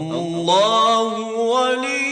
الله ولي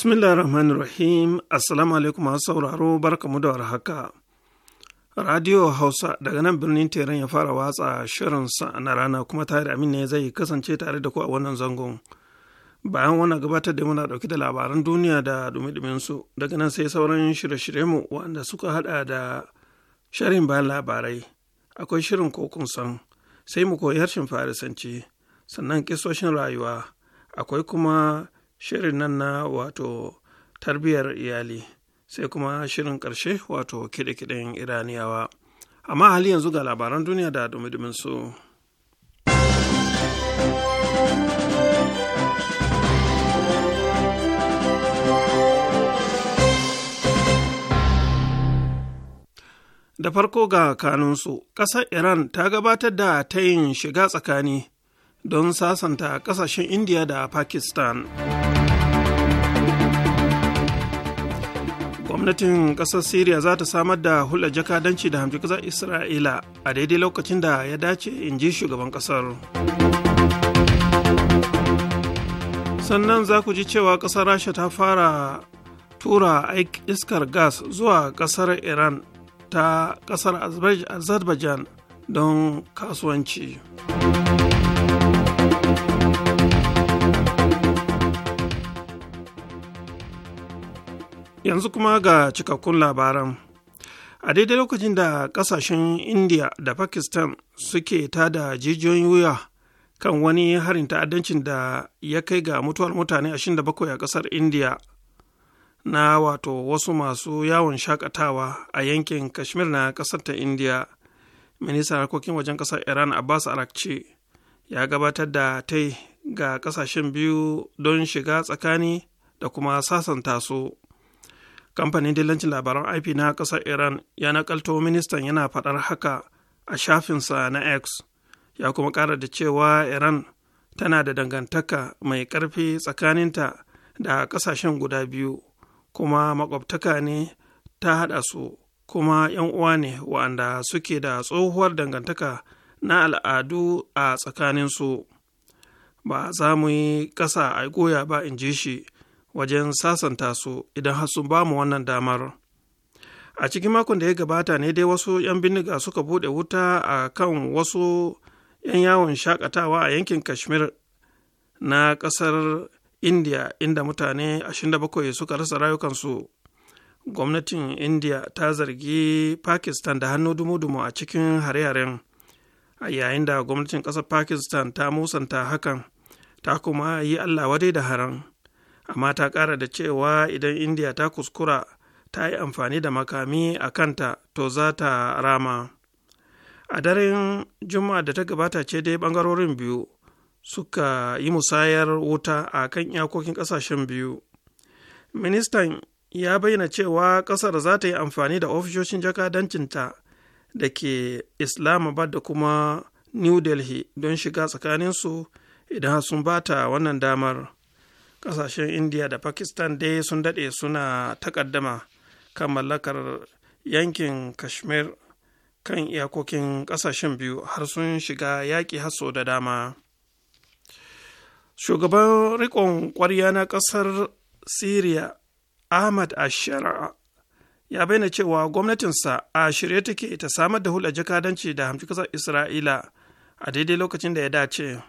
Bismillah rahman rahim Assalamu alaikum masu sauraro barkamu da warhaka. Radio Hausa daga nan birnin Teran ya fara watsa shirinsa na rana kuma tare amin ne zai kasance tare da ku a wannan zangon. Bayan wannan gabatar da muna ɗauki da labaran duniya da dumi su daga nan sai sauran shirye-shirye mu wanda suka hada da sharin bayan labarai. Akwai shirin kokun san sai mu koyi harshen Farisanci sannan kisoshin rayuwa akwai kuma shirin nan na wato tarbiyyar iyali sai kuma shirin ƙarshe wato kiɗe-kiɗen iraniyawa amma hali yanzu ga labaran duniya da dumi su. da farko ga kanunsu ƙasar iran ta gabatar da tayin shiga tsakani don sasanta ƙasashen indiya da pakistan gwamnatin kasar syria za ta samar da hulɗar jakadanci da hamji ƙasar isra'ila a daidai lokacin da ya dace in ji shugaban kasar. sannan za ku ji cewa ƙasar rasha ta fara tura iskar gas zuwa ƙasar iran ta ƙasar azerbaijan don kasuwanci. yanzu kuma ga cikakkun labaran a daidai lokacin da kasashen india da pakistan suke tada jijiyoyin wuya kan wani harin ta'addancin da ya kai ga mutuwar mutane 27 a kasar india na wato wasu masu yawon shakatawa a yankin kashmir na kasar ta india ministan harkokin wajen kasar iran abbas arakci ya gabatar da tai ga kasashen biyu don shiga tsakani da kuma sasanta su kamfanin dillancin labaran ip na ƙasar iran ya nakalto ministan yana faɗar haka a shafinsa na x ya kuma ƙara da cewa iran tana da dangantaka mai ƙarfi tsakaninta da ƙasashen guda biyu kuma makwabtaka ne ta haɗa su kuma 'yan uwa ne wa'anda suke da tsohuwar dangantaka na al'adu a tsakaninsu ba za mu yi ƙasa a goya ba in ji shi wajen sasanta su idan har sun bamu wannan damar a cikin makon da ya gabata ne dai wasu 'yan biniga suka bude wuta a kan wasu 'yan yawon shakatawa a yankin kashmir na ƙasar india inda mutane 27 suka rasa rayukansu gwamnatin india ta zargi pakistan da hannu dumu-dumu a cikin hare-haren a yayin da gwamnatin ƙasar pakistan ta musanta hakan ta kuma yi allah wadai da haram amma ta ƙara da cewa idan indiya ta kuskura ta yi amfani da makami a kanta to za ta rama a daren juma'a da ta gabata ce dai ɓangarorin biyu suka yi musayar wuta a kan iyakokin ƙasashen biyu ministan ya bayyana cewa ƙasar za ta yi amfani da ofishoshin jakadancinta da ke islamabad da kuma new delhi don shiga tsakaninsu idan sun bata wannan damar. kasashen india da pakistan dai sun daɗe suna takaddama kan mallakar yankin kashmir kan iyakokin ƙasashen biyu har sun shiga yaƙi hasso da dama shugaban riƙon ƙwarya na ƙasar syria ahmad ashara ya bayyana cewa gwamnatinsa a shirye take ta samar da hula jakadanci da hamci ƙasar isra'ila a daidai lokacin da ya dace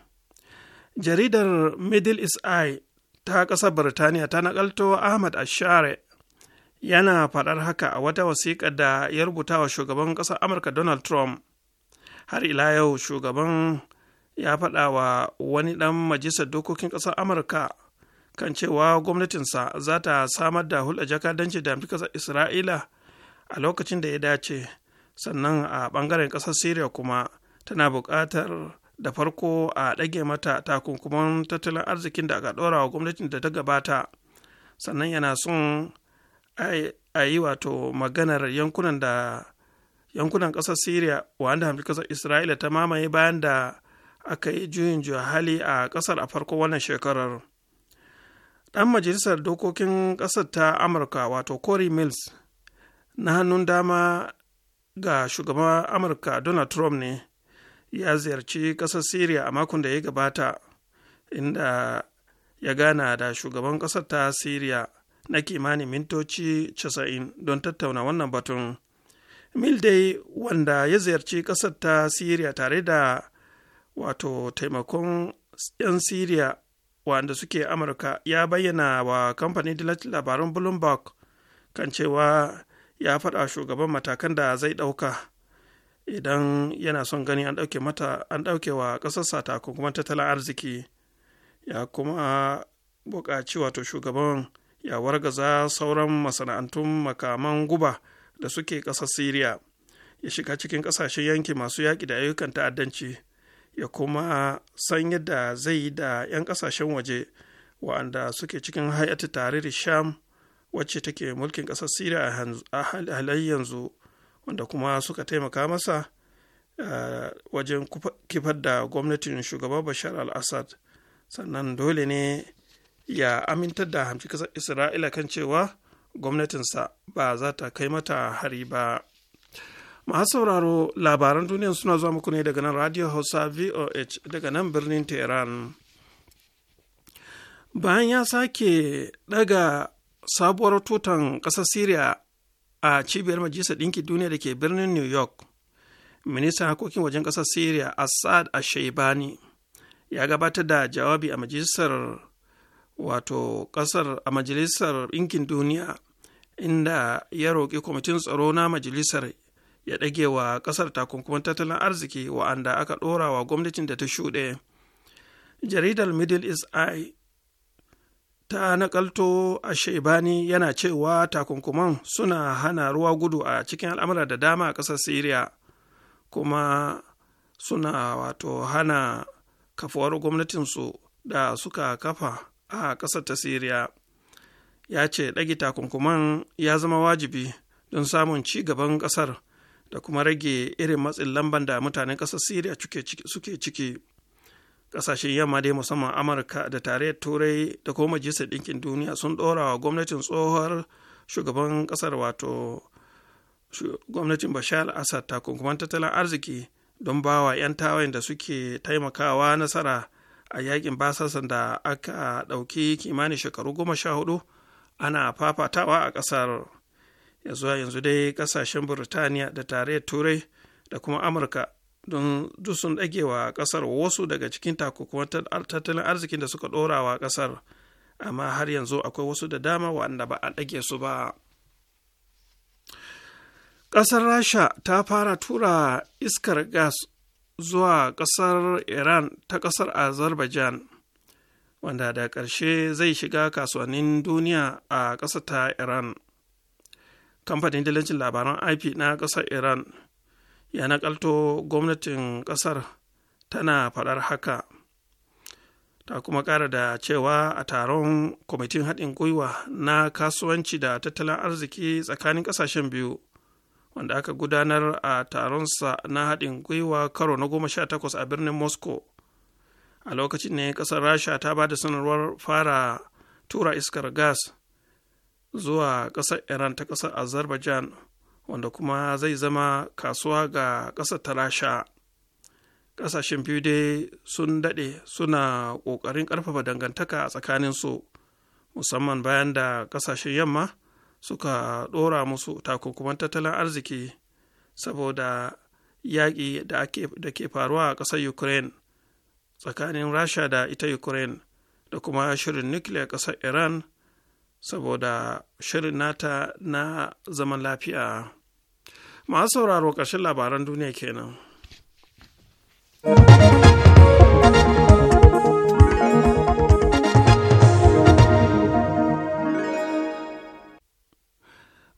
jaridar middle east eye ta ƙasar birtaniya ta naƙalto ahmad ashare yana faɗar haka a wata wasiƙa da ya rubuta wa shugaban ƙasar amurka donald trump har ila yau shugaban ya faɗa wa wani ɗan majistar dokokin ƙasar amurka kan cewa gwamnatinsa za ta samar da hulɗa jakadanci da ƙasar isra'ila a lokacin da ya dace sannan a ɓangaren ƙasar syria kuma tana buƙatar da farko a ɗage mata takunkuman tattalin arzikin da aka ɗora wa gwamnatin da ta gabata sannan yana son a yi wato maganar yankunan da yankunan ƙasar syria wanda hamfi ƙasar isra'ila ta mamaye bayan da aka yi juyin juya hali a ƙasar a farko wannan shekarar ɗan majalisar dokokin ƙasar ta amurka wato cory mills na hannun dama ga shugaban amurka donald trump ne ya ziyarci ƙasar syria a makon da ya gabata inda ya gana da shugaban ƙasar ta syria na kimanin mintoci 90 don tattauna wannan batun mil dai wanda ya ziyarci ƙasar ta syria tare da wato taimakon 'yan syria wanda suke amurka ya bayyana wa kamfanin dillacin labaran bloomberg kan cewa ya faɗa shugaban matakan da zai ɗauka idan yana son gani an ɗauke mata an ɗauke wa ƙasarsa kuma tattalin arziki ya kuma buƙaci wato shugaban ya wargaza sauran masana'antun makaman guba da suke ƙasar siriya ya shiga cikin ƙasashen yanki masu yaƙi da ayyukan ta'addanci ya kuma san yadda zai yi da 'yan ƙasashen waje wa'anda suke cikin hayati tare da sham wacce take mulkin ƙasar siriya a halayen yanzu wanda kuma suka taimaka masa eh, wajen kifar da gwamnatin shugaba bashar al-assad sannan dole ne ya amintar da hamci kasar isra'ila kan cewa gwamnatinsa ba za ta kai mata hari ba masu sauraro labaran duniya suna zuwa muku ne daga nan radio hausa voh daga nan birnin tehran bayan ya sake daga sabuwar tutan ƙasar Siriya. a cibiyar majalisar ɗinkin duniya da ke birnin new york ministan harkokin wajen ƙasar syria assad ashaibani ya gabatar da jawabi a majalisar wato ƙasar a majalisar ɗinkin duniya inda ya roƙi kwamitin tsaro na majalisar ya ɗage wa ƙasar takunkuman tattalin arziki wa'anda aka ɗora wa gwamnatin da ta shuɗe jaridar middle east eye ta nakalto a shebani yana cewa takunkuman suna hana ruwa gudu a cikin al'amura da dama a ƙasar syria kuma suna wato hana kafuwar gwamnatinsu da suka kafa a ƙasar ta syria ya ce ɗage takunkuman ya zama wajibi don samun ci gaban ƙasar da kuma rage irin matsin lamban da mutanen ƙasar syria suke ciki kasashen yamma dai musamman amurka da tarayyar turai da kuma majalisar ɗinkin duniya sun ɗora wa gwamnatin tsohuwar shugaban ƙasar wato gwamnatin bashar assad takunkuman tattalin arziki don bawa 'yan tawayen da suke taimakawa nasara a yakin basasan da aka ɗauki kimanin shekaru goma sha hudu ana fafatawa a ƙasar yanzu yanzu dai ƙasashen burtaniya da tarayyar turai da kuma amurka don duk sun ɗage wa ƙasar wasu daga cikin takunkuman tattalin arzikin da suka ɗora wa ƙasar amma har yanzu akwai wasu da dama waɗanda ba a ɗage su ba ƙasar rasha ta fara tura iskar gas zuwa ƙasar iran ta ƙasar azerbaijan wanda da ƙarshe zai shiga kasuwannin duniya a ƙasar ta iran kamfanin dalilin labaran ip na ƙasar iran ya nakalto gwamnatin kasar tana faɗar haka ta kuma ƙara da cewa a taron kwamitin haɗin gwiwa na kasuwanci da tattalin arziki tsakanin ƙasashen biyu wanda aka gudanar a taronsa na haɗin gwiwa karo na goma sha takwas a birnin moscow a lokacin ne ƙasar rasha ta ba da sanarwar fara tura iskar gas zuwa ƙasar iran ta ƙasar azerbaijan wanda kuma zai zama kasuwa ga ƙasa ta rasha ƙasashen biyu dai sun daɗe suna ƙoƙarin ƙarfafa dangantaka a tsakaninsu musamman bayan da ƙasashen yamma suka ɗora musu takunkuman tattalin arziki saboda yaƙi da ke faruwa a ƙasar ukraine tsakanin rasha da ita ukraine da kuma shirin nukiliya ƙasar iran saboda shirin nata na zaman lafiya masu sauraro ƙarshen labaran duniya kenan.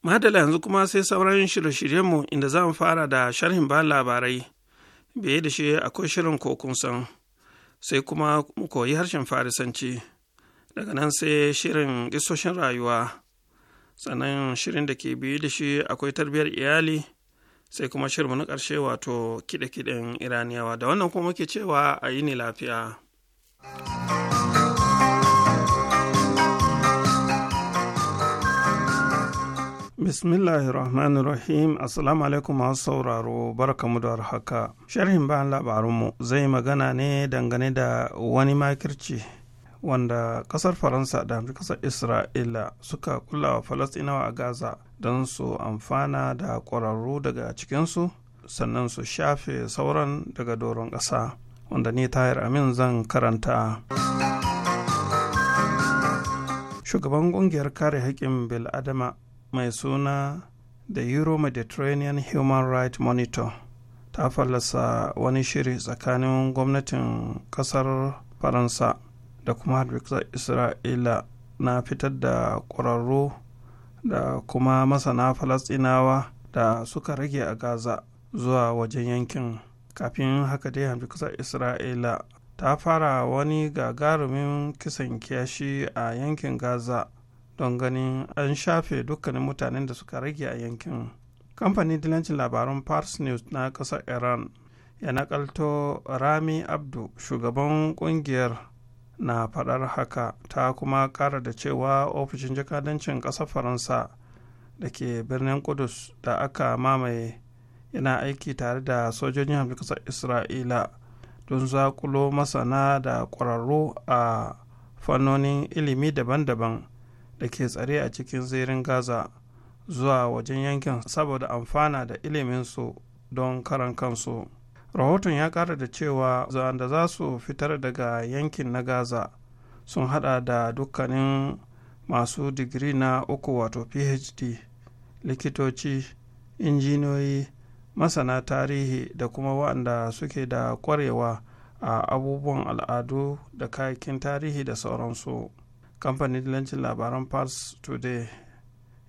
Madala yanzu kuma sai sauran shirye-shiryenmu inda za mu fara da sharhin ba labarai, biye da shi akwai shirin kokun san, sai kuma mu koyi harshen Farisanci, daga nan sai shirin isoshin rayuwa. sannan shirin da ke biyu da shi akwai tarbiyyar iyali sai kuma shirin na ƙarshe wato kiɗe-kiɗen iraniyawa da wannan kuma muke cewa a yi ne lafiya bismillahirrahmanirrahim assalamu alaikum masu sauraro barkamu da haka sharhin bayan labarunmu zai magana ne dangane da wani makirci wanda kasar faransa da kasar isra'ila suka kula wa falastinawa a gaza don su amfana da ƙwararru daga cikinsu sannan su shafe sauran daga doron ƙasa wanda ni tahir amin zan karanta shugaban ƙungiyar kare haƙƙin bil'adama mai suna the euro mediterranean human rights monitor ta fallasa wani shiri tsakanin gwamnatin ƙasar faransa da kuma hargitsar isra'ila na fitar da ƙwararru da kuma masana falastinawa da suka rage a gaza zuwa wajen yankin kafin haka dai hamdukasar isra'ila ta fara wani gagarumin kisan kiyashi a yankin gaza don ganin an shafe dukkanin mutanen da suka rage a yankin kamfanin dilancin labarun pars news na ƙasar iran ya nakalto rami abdu shugaban kungiyar na faɗar haka ta kuma ƙara da cewa ofishin jakadancin ƙasar faransa da ke birnin kudus da aka mamaye yana aiki tare da sojojin hamsin ƙasar isra'ila don zakulo masana da ƙwararru a fannonin ilimi daban-daban da ke tsare a cikin zirin gaza zuwa wajen yankin saboda amfana da iliminsu don karan kansu rahoton ya kara da cewa da za su fitar daga yankin na gaza sun hada da dukkanin masu digiri na uku wato phd likitoci injiniyoyi masana tarihi da kuma waɗanda suke da kwarewa a abubuwan al'adu da kayakin tarihi da sauransu kamfanin lancin labaran pars today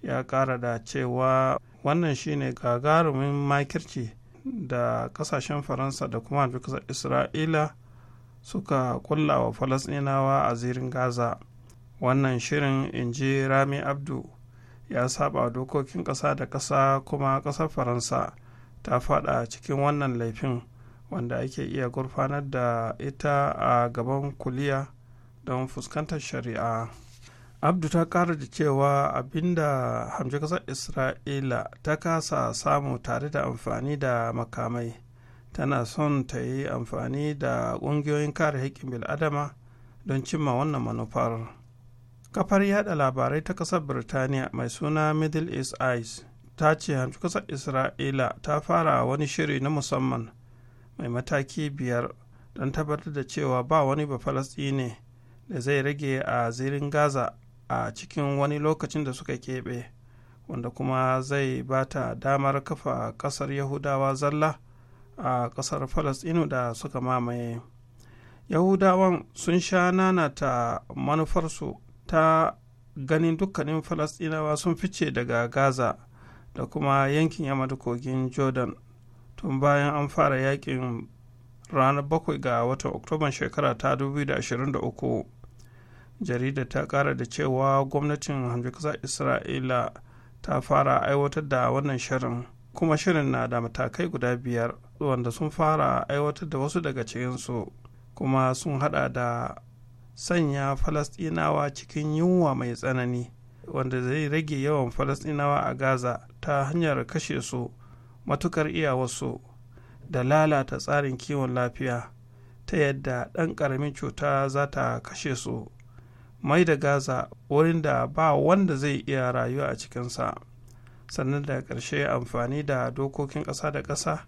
ya ƙara da cewa wannan shine gagarumin makirci da kasashen faransa da kuma kasar isra'ila suka kulla wa falasɗinawa a zirin gaza wannan shirin in ji rami abdu ya saba dokokin ƙasa da ƙasa kuma ƙasar faransa ta fada cikin wannan laifin wanda ake iya gurfanar da ita a gaban kuliya don fuskantar shari'a abdu ta kara da cewa abinda hamshe kasar isra'ila ta kasa samu tare da amfani da makamai tana son ta yi amfani da ƙungiyoyin kare haƙƙin bil'adama don cimma wannan manufar kafar yada labarai ta kasar birtaniya mai suna middle east eyes ta ce hamshe kasar isra'ila ta fara wani shiri na musamman mai mataki biyar don tabbatar da cewa ba wani ba ne da zai rage a zirin gaza a cikin wani lokacin da suka keɓe wanda kuma zai ba ta damar kafa ƙasar yahudawa zalla a ƙasar falasɗinu da suka mamaye yahudawan sun sha nanata manufarsu ta ganin dukkanin falasɗinawa sun fice daga gaza da kuma yankin yamma da kogin jordan tun bayan an fara yakin ranar 7 ga watan oktoban shekara ta 2023 jaridar ta kara da cewa gwamnatin kasa isra'ila ta fara aiwatar da wannan shirin kuma shirin na da matakai guda biyar wanda sun fara aiwatar da wasu daga cikinsu kuma sun hada da sanya falastinawa cikin yunwa mai tsanani wanda zai rage yawan falastinawa a gaza ta hanyar kashe su matukar iyawarsu da lalata tsarin kiwon lafiya ta yadda ɗan ƙaramin cuta za ta kashe su mai da gaza wurin da ba wanda zai iya rayuwa a cikinsa sannan da ƙarshe amfani da dokokin ƙasa da ƙasa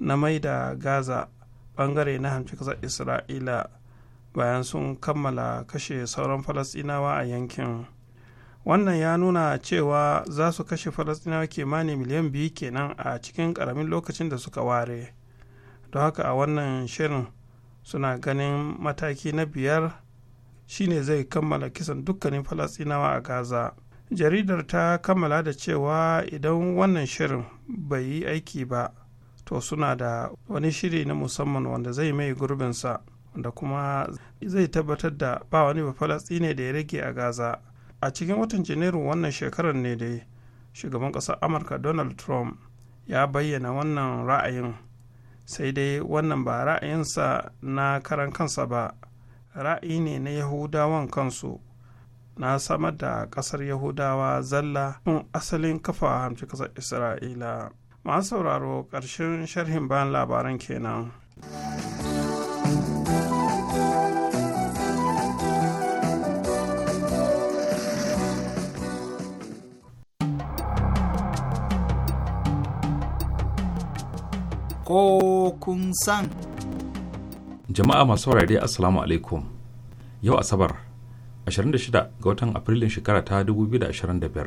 na mai da gaza ɓangare na hancin ƙasar isra'ila bayan sun kammala kashe sauran falasɗinawa a yankin wannan ya nuna cewa za su kashe falasɗinawa kimanin miliyan biyu kenan a cikin ƙaramin lokacin da suka ware don haka a wannan shirin suna ganin mataki na biyar shine zai kammala kisan dukkanin falasinawa a gaza jaridar ta kammala da cewa idan wannan shirin bai yi aiki ba to suna da wani shiri na musamman wanda zai mai gurbinsa wanda kuma zai tabbatar da ba wani ba bafalastine da ya rage a gaza a cikin watan janairu wannan shekarar ne dai shugaban ƙasar amurka donald trump ya bayyana wannan ra'ayin sai dai wannan ba ra'ayinsa na karan kansa ba ra'ayi ne na yahudawan kansu na samar da ƙasar yahudawa zalla tun asalin kafa hamci ƙasar isra'ila masu sauraro ƙarshen sharhin bayan labaran kenan. ko kun san. jama'a masu saurare assalamu alaikum yau asabar 26 ga watan afrilun shekara ta 2025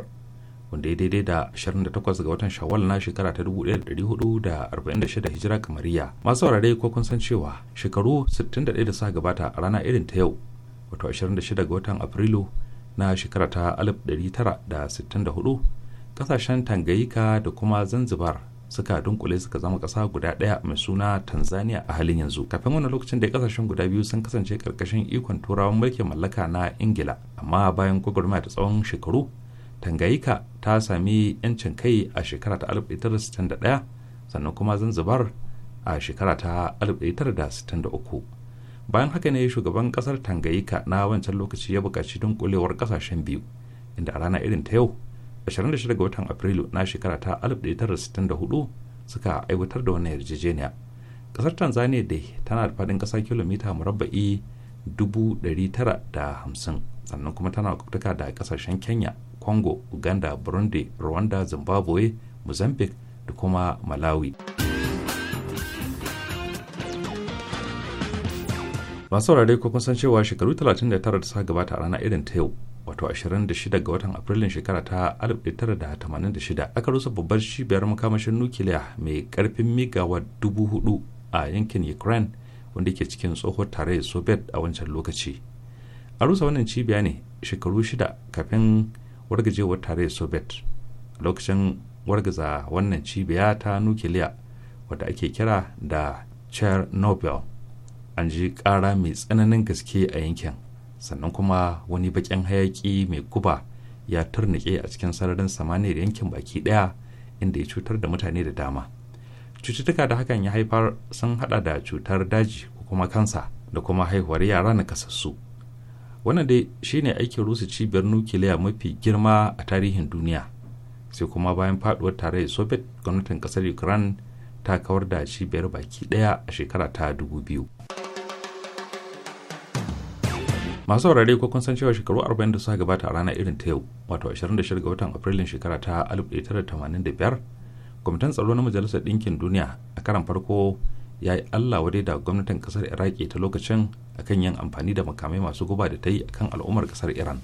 wanda ya daidai da 28 ga watan shawwal na shekara ta 1446 hijira kamariya masu saurare ko kun san cewa shekaru 61 da sa gabata a rana irin ta yau wato 26 ga watan afrilu na shekara ta 1964 kasashen tangayika da kuma zanzibar suka dunkule suka zama kasa guda ɗaya mai suna tanzania a halin yanzu kafin wannan lokacin da ƙasashen guda biyu sun kasance ƙarƙashin ikon turawan mulkin mallaka na ingila amma bayan gwagwarmaya ta tsawon shekaru tangayika ta sami 'yancin kai a shekara ta 1961 sannan kuma zanzibar a shekara ta 1963 bayan haka ne shugaban kasar tangayika na wancan lokaci ya buƙaci dunkulewar kasashen biyu inda a rana irin ta yau 26 ga watan Afrilu na shekara ta 1964 suka aiwatar da wannan yarjejeniya. Kasar Tanzania dai tana da faɗin ƙasa kilomita murabba'i 950 sannan kuma tana kubutuka da kasashen Kenya, Congo, Uganda, Burundi, Rwanda, Zimbabwe, Mozambique da kuma Malawi. masu saurare ko kun san cewa shekaru 39 da suka gabata a rana irin ta yau wato 26 ga watan afrilun shekara ta 1986 aka rusa babbar cibiyar makamashin nukiliya mai karfin migawa 4,000 a yankin ukraine wanda ke cikin tsohon tarayyar soviet a wancan lokaci a rusa wannan cibiya ne shekaru shida kafin wargajewar tarayyar soviet lokacin wargaza wannan cibiya ta nukiliya wadda ake kira da chernobyl an ji kara mai tsananin gaske a yankin sannan kuma wani bakin hayaki mai guba ya turnike a cikin sararin samaniyar yankin baki daya inda ya cutar da mutane da dama cututtuka da hakan ya haifar sun hada da cutar daji ko kuma kansa da kuma haihuwar yara na kasassu wannan dai shine aikin rusa cibiyar nukiliya mafi girma a tarihin duniya sai kuma bayan faduwar tarayyar soviet gwamnatin kasar ukraine ta kawar da cibiyar baki daya a shekara ta 2000 masu saurare ko kun san cewa shekaru 40 da suka gabata a rana irin ta yau wato 26 ga watan afrilun shekara ta 1985 kwamitin tsaro na majalisar ɗinkin duniya a karan farko ya yi allah wadai da gwamnatin kasar iraki ta lokacin akan yin amfani da makamai masu guba da ta yi kan al'ummar kasar iran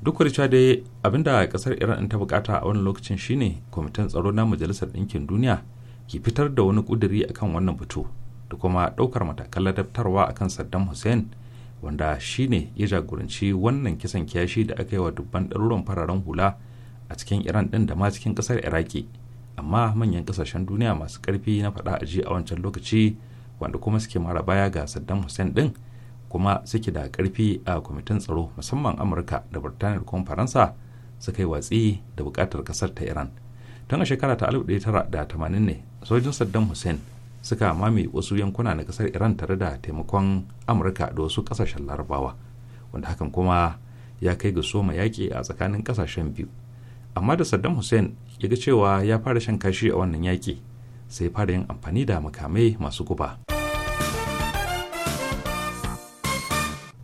duk da cewa dai abinda kasar iran ta bukata a wannan lokacin shine kwamitin tsaro na majalisar ɗinkin duniya ki fitar da wani kuduri akan wannan batu da kuma ɗaukar matakan ladabtarwa akan saddam hussein wanda shi ne ya jagoranci wannan kisan kiyashi da aka yi wa dubban ɗaruran fararen hula a cikin iran ɗin da ma cikin ƙasar iraki amma manyan ƙasashen duniya masu ƙarfi na faɗa a ji a wancan lokaci wanda kuma suke mara baya ga saddam hussein ɗin kuma suke da ƙarfi a kwamitin tsaro musamman amurka da birtaniya kuma faransa suka yi watsi da buƙatar ƙasar ta iran tun a shekara ta 1980 ne sojin saddam hussein suka mame wasu yankuna na kasar iran tare da taimakon amurka da wasu kasashen larabawa wanda hakan kuma ya kai ga soma yaƙi a tsakanin kasashen biyu amma da saddam hussein ya ga cewa ya fara shan kashi a wannan yaƙi sai fara yin amfani da makamai masu guba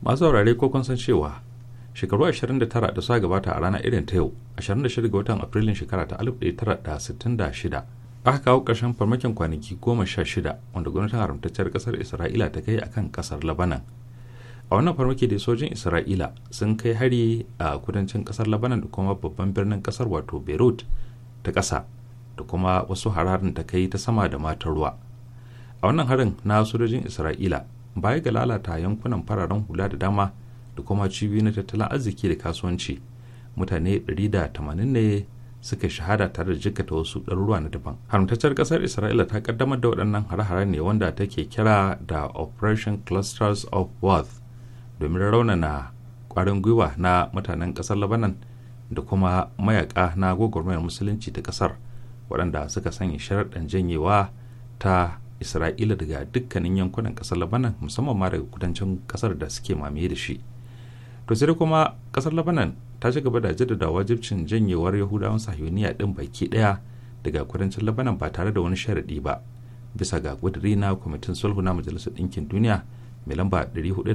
masu saurare ko kun san cewa shekaru 29 da sa gabata a rana irin ta yau 26 ga watan afrilun shekara ta 1966 aka kawo ƙarshen farmakin kwanaki goma sha shida wanda gwamnatin haramtacciyar ƙasar isra'ila ta kai akan ƙasar labanan a wannan farmaki da sojin isra'ila sun kai hari a kudancin kasar labanan da kuma babban birnin kasar wato beirut ta kasa da kuma wasu hararin ta kai ta sama da matar ruwa a wannan harin na sojojin isra'ila baya ga lalata yankunan fararen hula da dama da kuma cibiyoyin na tattalin arziki da kasuwanci mutane 180 ne suka shahada tare da jikata wasu ɗaruruwa na daban Haramtaccen ƙasar isra'ila ta ƙaddamar da waɗannan hare-hare ne wanda take kira da operation clusters of worth domin raunana ƙwarin gwiwa na mutanen ƙasar labanan da kuma mayaƙa na gwagwarmayar musulunci ta ƙasar waɗanda suka sanya sharaɗin janyewa ta isra'ila daga dukkanin yankunan ƙasar labanan musamman ma daga kudancin ƙasar da suke mamaye da shi to kuma ƙasar labanan ta ci gaba da jaddada wajibcin janyewar yahudawan sahiyoniya din baki daya daga kudancin labanan ba tare da wani sharadi ba bisa ga kudiri na kwamitin sulhu na majalisar ɗinkin duniya mai lamba 425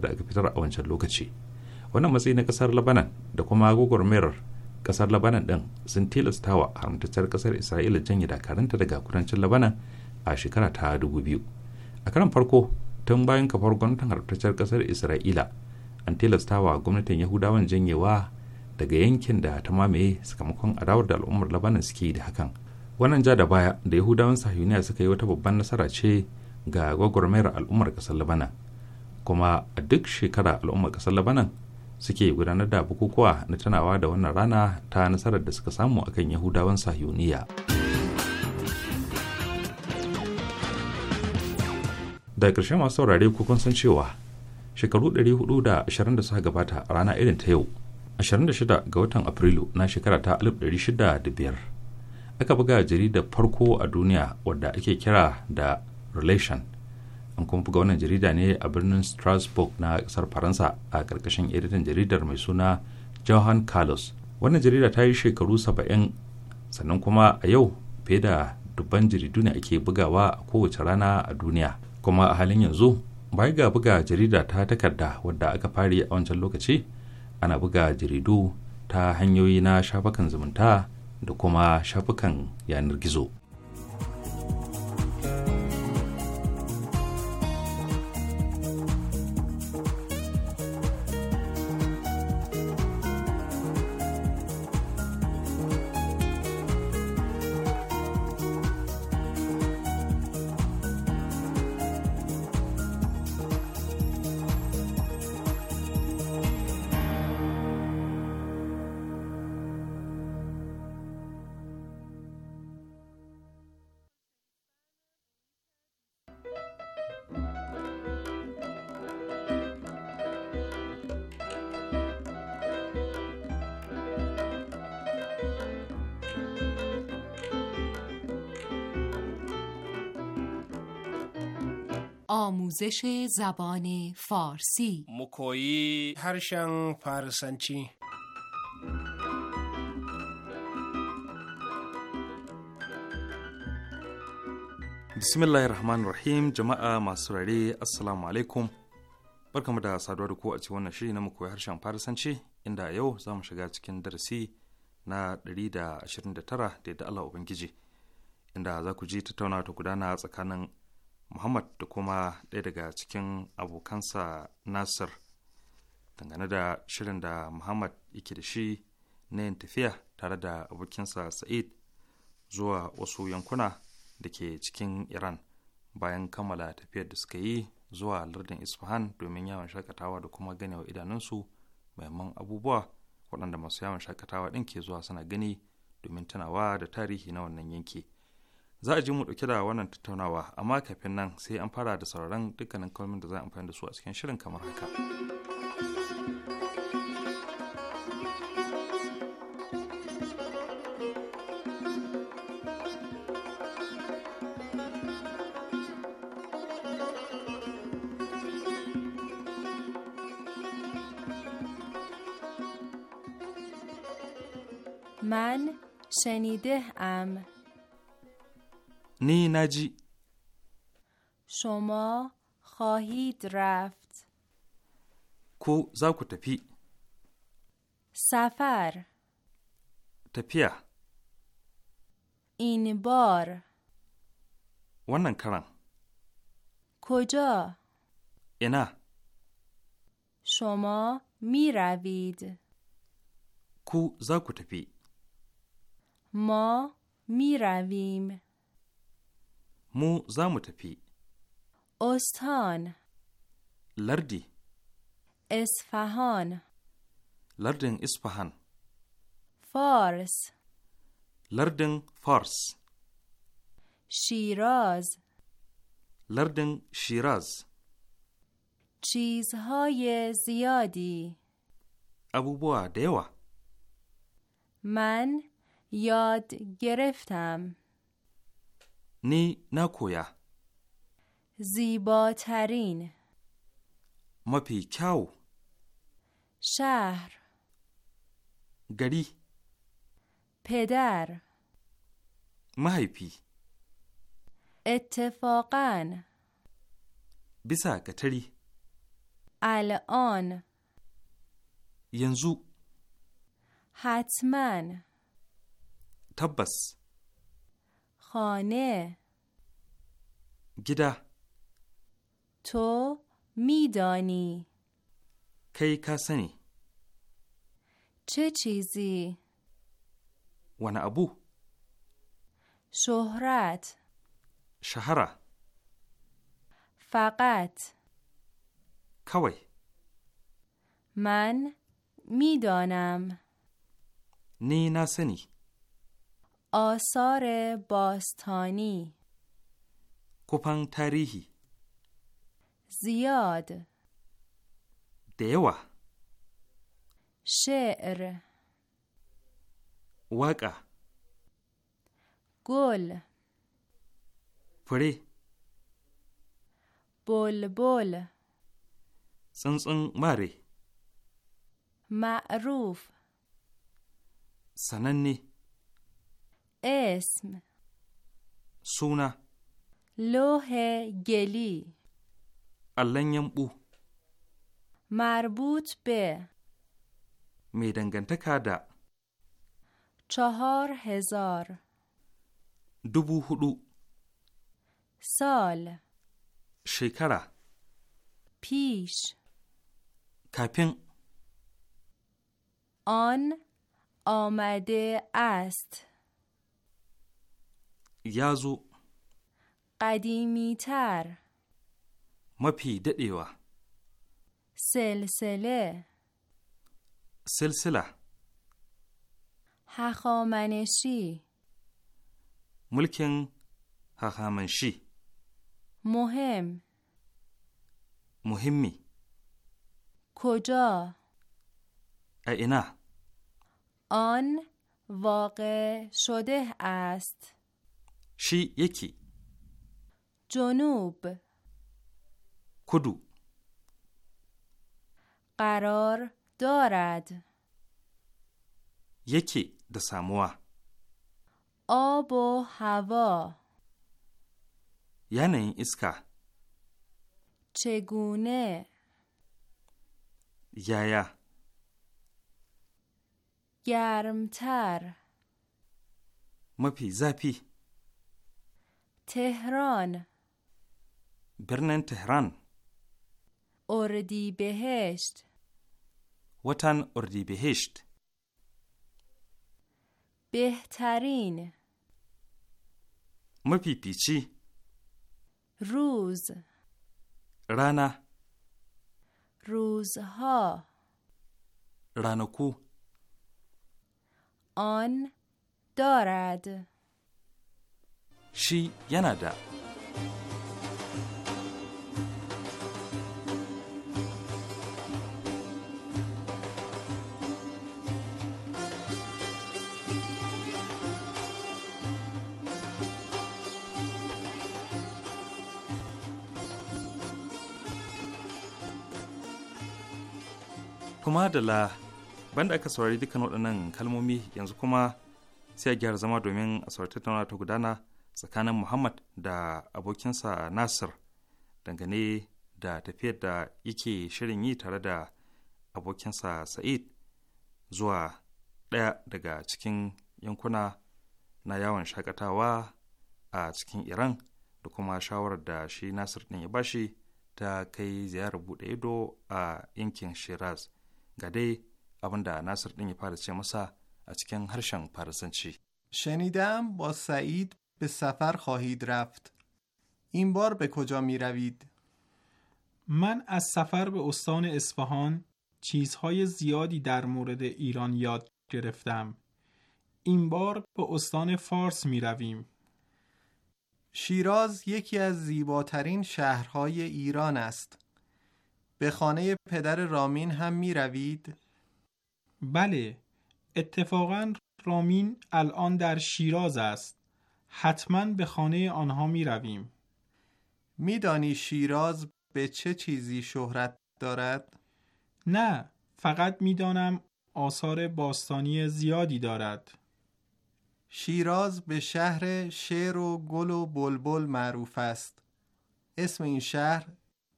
da aka fitar a wancan lokaci wannan matsayi na kasar labanan da kuma gwagwarmayar kasar labanan din sun tilasta wa haramtacciyar kasar isra'ila janye dakaranta daga kudancin labanan a shekara ta 2000 a karan farko tun bayan kafar gwamnatin haramtacciyar kasar isra'ila an tilastawa gwamnatin yahudawan janyewa daga yankin da ta mamaye sakamakon adawar da al'ummar labanan suke da hakan wannan ja da baya da yahudawan sahiyuniya suka yi wata babban nasara ce ga gwagwarmayar al'ummar kasar labanan kuma a duk shekara al'ummar kasar labanan suke gudanar da bukukuwa na tunawa da wannan rana ta nasarar da suka samu akan yahudawan sahiyuniya da ƙarshe masu saurare kukun san cewa shekaru 420 da suka gabata a rana irin ta yau 26 ga watan afrilu na shekara ta 1605 aka buga jaridar farko a duniya wadda ake kira da relation an kuma buga wannan jarida ne a birnin strasbourg na kasar faransa a karkashin editan jaridar mai suna johan carlos wannan jarida ta yi shekaru 70 sannan kuma a yau fiye da dubban jaridu ne ake bugawa a kowace rana a duniya kuma a halin yanzu bai ga buga jarida ta takarda wadda aka fari a wancan lokaci ana buga jaridu ta hanyoyi na shafukan zumunta da kuma shafukan yanar gizo آموزش زبان فارسی مکویی هرشن فارسنچی bismillahir rahmanir rahim jama'a masu rare assalamu alaikum barkamu da saduwa da ku a cikin wannan shiri na mu koyi harshen farisanci inda yau za mu shiga cikin darasi na 129 da yadda Allah Ubangiji inda za ku ji tattauna ta gudana tsakanin muhammad da kuma ɗaya daga cikin abokansa nasir dangane da shirin da muhammad yake da shi na yin tafiya tare da abokinsa sa'id zuwa wasu yankuna da ke cikin iran bayan kammala tafiyar da suka yi zuwa lardin isfahan domin yawon shakatawa da kuma ganewa idanunsu maimakon abubuwa waɗanda masu yawon shakatawa ɗin ke zuwa suna gani domin tunawa da tarihi na wannan yanki. za a ji mu dauke da wannan tattaunawa amma kafin nan sai an fara da sauraron dukkanin kalmomin da za a amfani da su a cikin shirin kamar haka من شنیده ام نی نجی شما خواهید رفت کو زاکو تپی سفر تپیا این بار ونن کرن کجا اینا شما می روید کو زاکو تپی ما می رویم مو za mu استان لردی اصفهان لردن اصفهان فارس لردن فارس شیراز لردن شیراز چیزهای زیادی ابوبوا دیوه من یاد گرفتم نی نکویا زیباترین مپی کیاو شهر گری پدر مهیپی اتفاقاً bisa ka tari. Al'on. Yanzu. Hatman. Tabbas. خانه گیده تو میدانی کی کسنی چه چیزی ون ابو شهرت شهره فقط کوی من میدانم نی نسنی آثار باستانی کپنگ تاریخی زیاد دیوا شعر وقع گل فری بلبل سنسن ماری معروف سننی اسم سونا لوه گلی اللنیم او مربوط به میدنگن دا چهار هزار دوبو هدو سال شکره پیش کپین آن آمده است یازو قدیمی تر مپی ددیوا سلسله سلسله هخامنشی ملکن هخامنشی مهم مهمی کجا اینا آن واقع شده است شی یکی جنوب کدو قرار دارد یکی دساموا آب و هوا یعنی اسکا چگونه یایا گرمتر مپی زپی تهران برنن تهران اردی بهشت وطن اردی بهشت بهترین مپی پیچی روز رانا روزها رانوکو آن دارد shi yana da kuma da la banda aka saurari dukkan waɗannan kalmomi yanzu kuma sai a gyara zama domin a saurari tattaunawa ta gudana tsakanin muhammad da abokinsa nasir dangane da tafiyar da yake shirin yi tare da abokinsa sa'id zuwa ɗaya daga cikin yankuna na yawon shakatawa a cikin iran da kuma shawarar da shi nasir ɗin ya bashi ta kai ziyarar buɗe ido a yankin shiraz ga dai abin da nasir ɗin ya fara ce masa a cikin harshen farisanci. شنیدم ba Sa'id به سفر خواهید رفت این بار به کجا می روید؟ من از سفر به استان اصفهان چیزهای زیادی در مورد ایران یاد گرفتم این بار به استان فارس می رویم شیراز یکی از زیباترین شهرهای ایران است به خانه پدر رامین هم می روید؟ بله اتفاقا رامین الان در شیراز است حتما به خانه آنها می رویم. میدانی شیراز به چه چیزی شهرت دارد؟ نه، فقط میدانم آثار باستانی زیادی دارد. شیراز به شهر شعر و گل و بلبل معروف است. اسم این شهر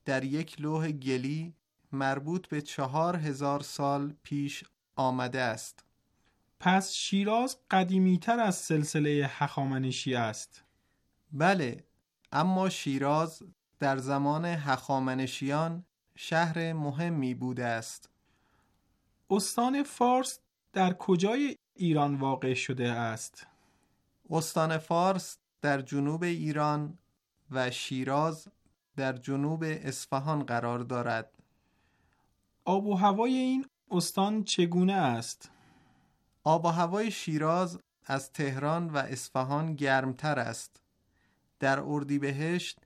در یک لوح گلی مربوط به چهار هزار سال پیش آمده است. پس شیراز تر از سلسله هخامنشی است بله اما شیراز در زمان هخامنشیان شهر مهمی بوده است استان فارس در کجای ایران واقع شده است استان فارس در جنوب ایران و شیراز در جنوب اصفهان قرار دارد آب و هوای این استان چگونه است آب و هوای شیراز از تهران و اصفهان گرمتر است. در اردیبهشت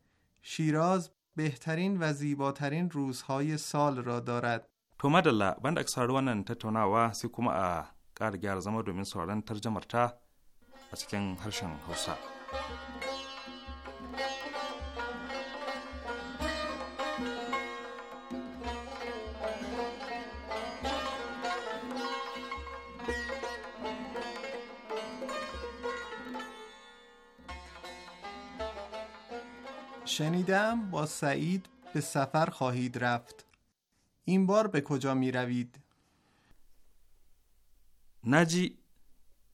شیراز بهترین و زیباترین روزهای سال را دارد. To madalla banda aka wannan tattaunawa sai kuma a ƙara gyara zama domin sauran tarjamar ta a cikin harshen Hausa. شنیدم با سعید به سفر خواهید رفت این بار به کجا می روید؟ نجی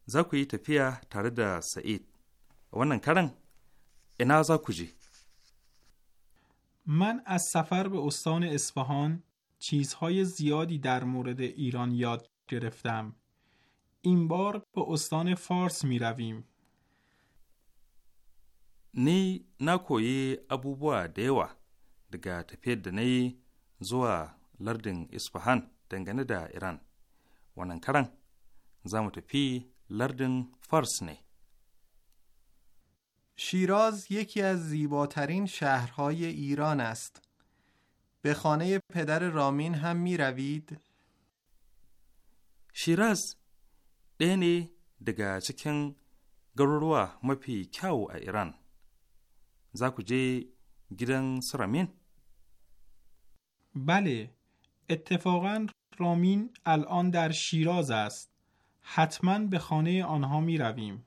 زاکوی تپیه ترد سعید ونن کرن اینا زاکوجی من از سفر به استان اصفهان چیزهای زیادی در مورد ایران یاد گرفتم این بار به استان فارس می رویم Ni na koyi abubuwa da yawa daga tafiyar da na yi zuwa lardin Isfahan dangane da Iran. Wannan karan za mu tafi lardin Fars ne. شیراز یکی از زیباترین شهرهای ایران است. به خانه پدر رامین هم می روید؟ شیراز دینی دگه چکن mafi مپی a ایران. za ku je gidan بله اتفاقا رامین الان در شیراز است حتما به خانه آنها می رویم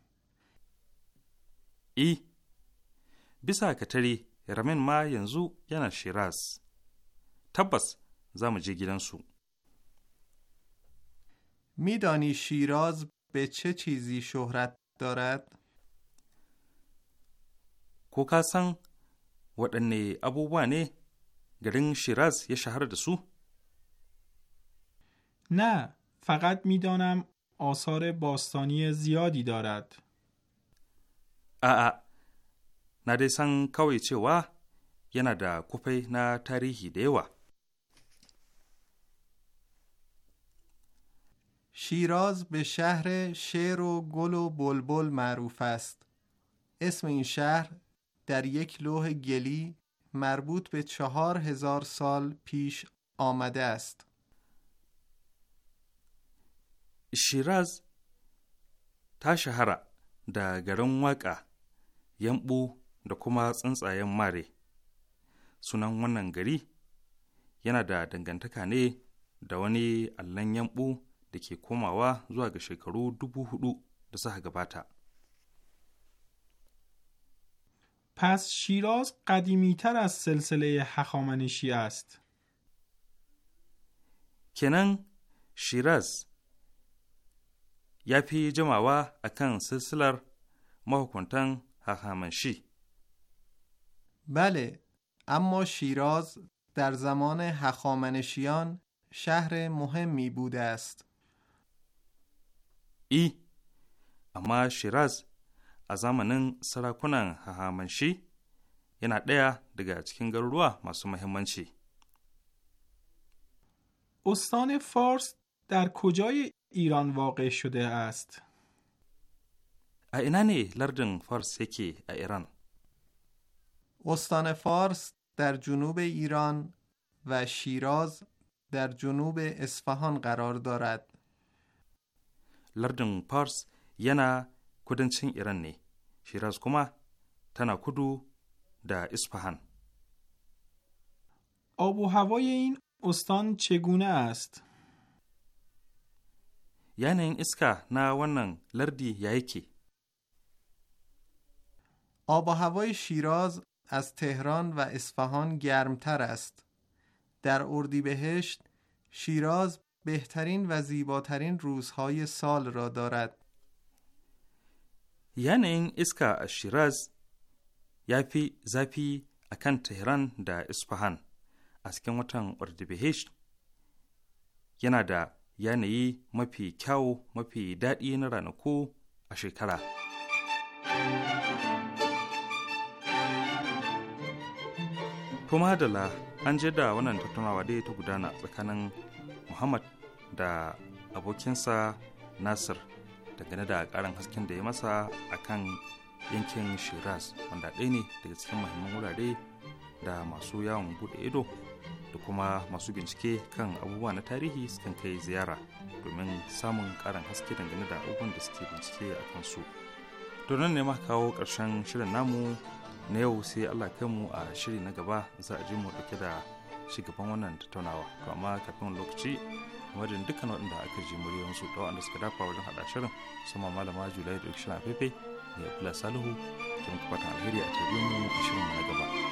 ای بیسا کتری رامین ما ینزو یعنی شیراز تبس زم جه گیرن سو میدانی شیراز به چه چیزی شهرت دارد؟ کو و san waɗanne abubuwa ne شیراز یه شهر دسو؟ نه فقط میدانم آثار باستانی زیادی دارد آ na dai san kawai cewa yana da kufai na tarihi da yawa. شیراز به شهر شعر و گل و بلبل معروف است. اسم این شهر در یک لوح گلی مربوط به چهار هزار سال پیش آمده است ta shahara da garin waƙa yambu da kuma tsuntsayen mare sunan wannan gari yana da dangantaka ne da wani allon yambu da ke komawa zuwa ga shekaru dubu hudu da suka gabata پس شیراز تر از سلسله هخامنشی است. کنن شیراز یا پی و اکن سلسلر محکنتن هخامنشی بله اما شیراز در زمان هخامنشیان شهر مهمی بوده است. ای اما شیراز a zamanin sarakunan hahamanshi yana ɗaya daga cikin garuruwa masu muhimmanci. استان فارس در کجای ایران واقع شده است؟ اینانی لردن فارس یکی ایران استان فارس در جنوب ایران و شیراز در جنوب اصفهان قرار دارد. لردن فارس ینا kudancin ایران ne, شیراز kuma tana kudu da Isfahan. آب و هوای این استان چگونه است؟ یعنی این اسکا نه ونن لردی یایکی آب و هوای شیراز از تهران و اصفهان گرمتر است. در اردیبهشت شیراز بهترین و زیباترین روزهای سال را دارد. yanayin iska a shiraz ya fi zafi a kan tehran da isfahan a cikin watan ordibihesh yana da yanayi mafi kyau mafi daɗi na ranaku a shekara kuma da an je da wannan tattaunawa dai ta gudana tsakanin muhammad da abokinsa nasir dangane da karin hasken da ya masa a kan yankin shiraz wanda ɗaya ne daga cikin mahimman wurare da masu yawon buɗe ido da kuma masu bincike kan abubuwa na tarihi sukan kai ziyara domin samun karin haske dangane da abubuwan da suke bincike a kansu to nan ne ma kawo karshen shirin namu na yau sai allah kai mu a shiri na gaba za a ji mu ɗauke da shigaban wannan tattaunawa to amma kafin lokaci wajen dukkan waɗanda aka ji muryoyinsu da waɗanda suka dafa wajen haɗa shirin sama malama julai da shirin fefe ne abdullahi salihu ke muku fatan alheri a tarihin shirin na gaba.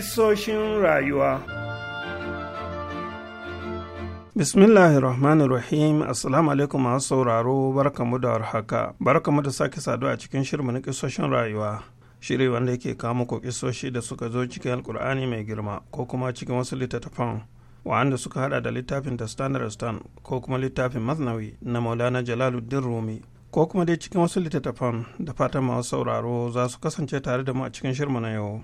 Kisoshin rayuwa rahim Assalamu alaikum masu sauraro barkamu da warhaka barkamu da sake saduwa a cikin shirmu na kisoshin rayuwa shiri wanda yake kawo muku kisoshi da suka zo cikin alkur'ani mai girma ko kuma cikin wasu littattafan wa'anda suka hada da littafin da standard stan ko kuma littafin masnawi na maulana jalaluddin rumi ko kuma dai cikin wasu littattafan da fatan masu sauraro za su kasance tare da mu a cikin shirmu na yau.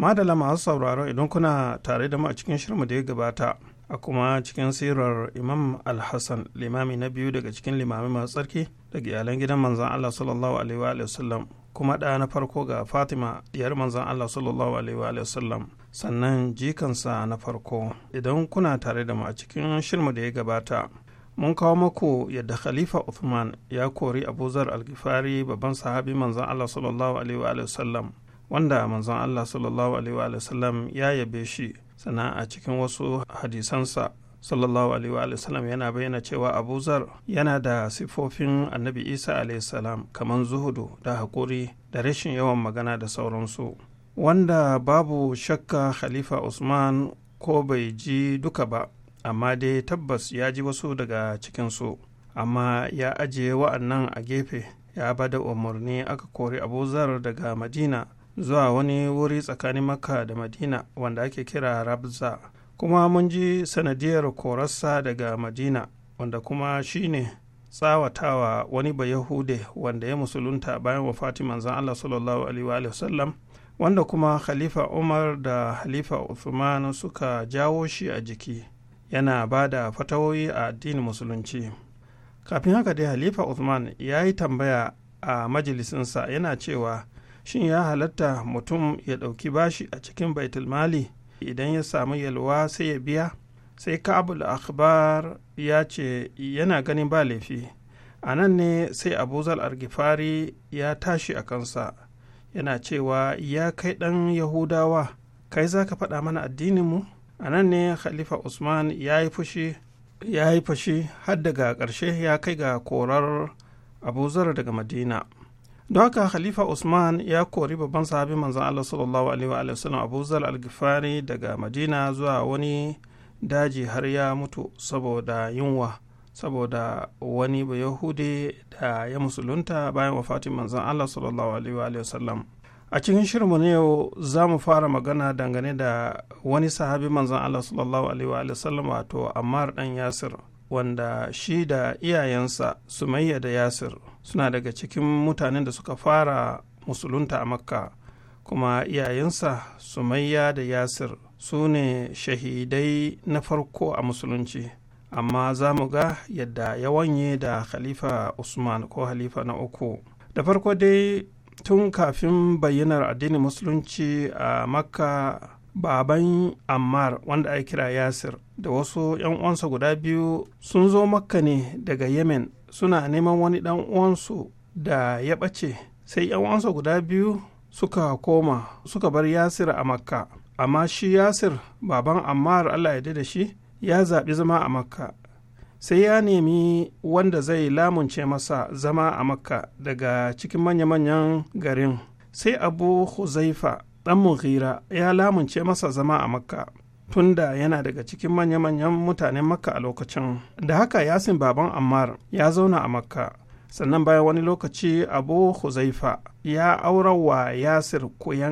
madala masu sauraro idan kuna tare da mu a cikin shirmu da ya gabata a kuma cikin sirar imam alhassan limami na biyu daga cikin limami masu tsarki daga iyalan gidan manzan allah sallallahu alaihi wa sallam kuma ɗa na farko ga fatima diyar manzan allah sallallahu alaihi wa sallam sannan jikansa na farko idan kuna tare da mu a cikin shirmu da ya gabata mun kawo maku yadda khalifa uthman ya kori abuzar algifari babban sahabi manzan allah sallallahu alaihi wa sallam wanda manzon Allah sallallahu alaihi wa sallam ya yabe shi Sana'a a cikin wasu hadisansa sallallahu alaihi wa sallam yana bayyana cewa Abu Zar yana da sifofin Annabi Isa alaihi salam kamar zuhudu da Hakuri da rashin yawan magana da sauransu wanda babu shakka Khalifa Usman ko bai ji duka ba amma dai tabbas ya ji wasu daga cikin su amma ya ajiye wa'annan a gefe ya bada umarni aka kori abuzar daga Madina zuwa wani wuri tsakanin makka da madina wanda ake kira rabza kuma mun ji sanadiyar korarsa daga madina wanda kuma shine tsawatawa wani bayahude wanda ya musulunta bayan wafatin manzan allah sallallahu alaihi sallam wanda kuma khalifa umar da khalifa uthman suka jawo shi a jiki yana ba da fatawoyi a addinin musulunci kafin haka dai khalifa uthman ya yi tambaya a majalisinsa yana cewa shin ya halatta mutum ya ɗauki bashi a cikin baitulmali idan ya samu yalwa sai ya biya sai kabul akhbar ya ce yana ganin ba laifi a nan ne sai abuzal argifari ya tashi a kansa yana cewa ya kai ɗan yahudawa kai za ka faɗa mana addininmu a nan ne khalifa usman ya yi fushi ya yi fashi har daga ƙarshe ya kai ga korar abuzar daga madina don haka khalifa usman ya kori babban sahabi manzan allah sallallahu alaihi wa sallam abu zal al-gifari daga madina zuwa wani daji har ya mutu saboda yunwa saboda wani yahudi da ya musulunta bayan wafatin manzan allah sallallahu alaihi wa sallam a cikin shirinmu na yau za mu fara magana dangane da wani sahabi manzan allah sallallahu alaihi wa sallam wato ammar dan yasir wanda shi da iyayensa sumayya da yasir suna daga cikin mutanen da suka fara musulunta a makka kuma iyayensa sumayya da yasir su ne shahidai na farko a musulunci amma za mu ga yadda ya wanye da khalifa usman ko Khalifa na uku da farko dai tun kafin bayyanar addinin musulunci a makka baban ammar wanda ake kira yasir da wasu 'yan uwansa guda biyu sun zo makka ne daga yemen suna neman wani ɗan uwansu da ya ɓace sai ‘yan uwansa guda biyu suka koma suka bar yasir a makka amma shi yasir baban ammar allah ya da shi ya zaɓi zama a makka sai ya nemi wanda zai lamunce masa zama a makka daga cikin manya-manyan garin sai abu huzaifa ɗan mughira ya lamunce masa zama a makka tunda yana daga cikin manya-manyan mutanen makka a lokacin da haka yasin baban ammar ya zauna a makka sannan bayan wani lokaci abu huzaifa ya aurawa yasir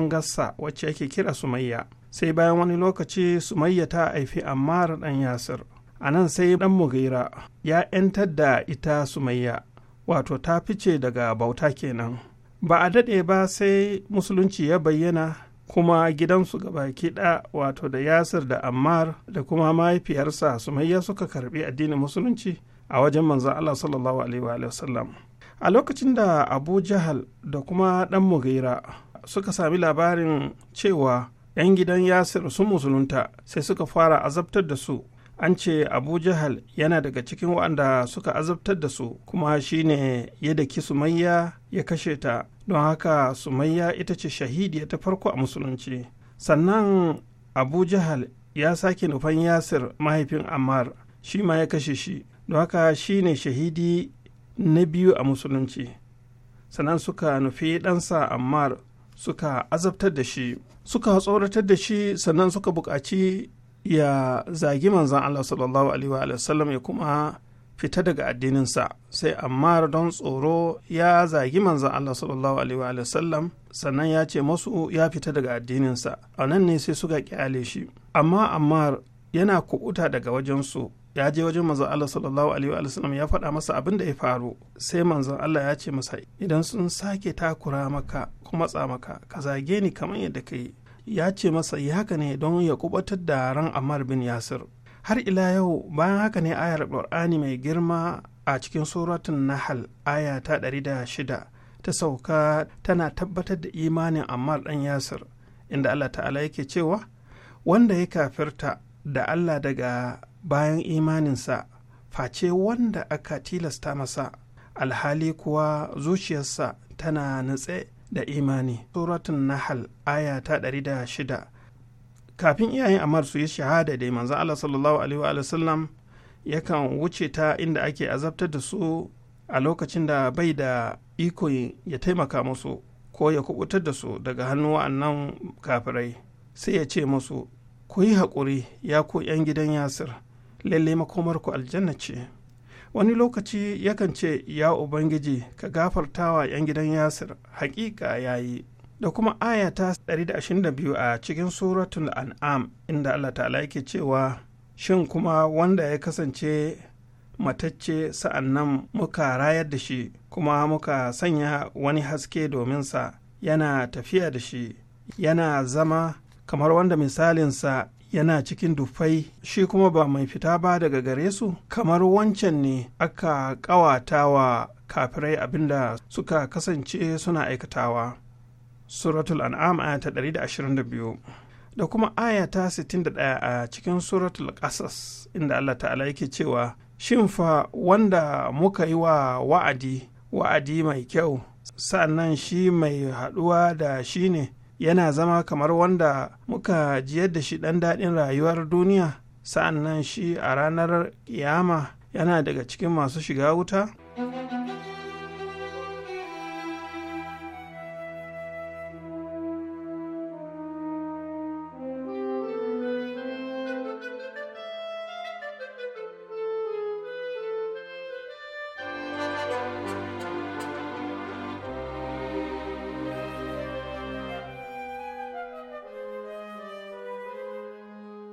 gassa wacce yake kira sumayya sai bayan wani lokaci sumayya ta haifi ammar dan yasir a nan sai dan mugaira ya 'yantar da ita sumayya wato ta fice daga bauta kenan ba a daɗe ba sai musulunci ya bayyana kuma gidansu gabaki da wato da yasir da ammar da kuma mahaifiyarsa sumayya suka karbi addinin musulunci a wajen manzan allah sallallahu alaihi wa a lokacin da abu jahal da kuma Dan mugaira suka sami labarin cewa 'yan gidan yasir sun musulunta sai suka fara azabtar da su an ce abu jahal yana daga cikin waɗanda suka azabtar da su kuma shine ya daki sumayya ya kashe ta don haka sumayya ita ce shahidiya ta farko a musulunci sannan abu jahal ya sake nufan yasir mahaifin ammar shi ma ya kashe shi don haka shi ne shahidi na biyu a musulunci sannan suka nufi ɗansa ammar suka azabtar da shi suka tsoratar da shi sannan suka buƙaci ya zagi manzan allah sallallahu alaihi wa sallam ya kuma fita daga addininsa sai amma don tsoro ya zagi manzan Allah sallallahu alaihi wa sallam sannan ya ce masu ya fita daga addininsa a nan ne sai suka kyale shi amma ammar yana kubuta daga wajensu ya je wajen manzan Allah sallallahu alaihi wa sallam ya faɗa masa abin da ya faru sai manzan Allah ya ce masa idan sun sake takura maka kuma tsa maka ka zage ni kamar yadda ka yi ya ce masa yi haka ne don ya kubatar da ran ammar bin yasir har ila yau bayan haka ne ayar ƙur'ani mai girma a cikin suratun nahal aya ta shida ta sauka tana tabbatar da imanin ammar ɗan yasir inda allah ta'ala yake cewa wanda ya kafirta da allah daga bayan imaninsa face wanda aka tilasta masa alhali kuwa zuciyarsa tana nutse da imani suratun nahal aya ta shida. kafin iyayen amar su yi shahada da manzan allah sallallahu alaihi wa sallam yakan wuce ta inda ake azabtar da su a lokacin da bai da iko ya taimaka musu ko ya kubutar da su daga hannu wa'annan kafirai sai ya ce musu ku yi haƙuri ya ku 'yan gidan yasir lalle makomarku aljanna ce wani lokaci yakan ce ya ubangiji ka gafartawa 'yan gidan yasir haƙiƙa yayi da kuma aya ta 122 a cikin suratul an'am inda Allah ta'ala yake cewa shin kuma wanda ya kasance matacce sa'an nan muka rayar da shi kuma muka sanya wani haske domin sa yana tafiya da shi yana zama kamar wanda misalinsa yana cikin dufai shi kuma ba mai fita ba daga gare su kamar wancan ne aka ƙawata wa kafirai abinda suka kasance suna aikatawa suratul an'am aya ta 122 da kuma aya ta ɗaya a cikin suratul qasas inda Allah ta'ala yake cewa shin fa wanda muka yi wa wa'adi wa'adi mai kyau sa'annan shi mai haɗuwa da shi ne yana zama kamar wanda muka jiyar da shi ɗan daɗin rayuwar duniya sa'annan shi a ranar ƙiyama yana daga cikin masu shiga wuta?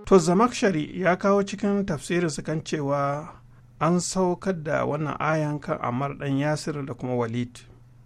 to shari' ya kawo cikin tafsirinsa kan cewa an saukar da wannan ayan kan amar dan yasir da kuma walid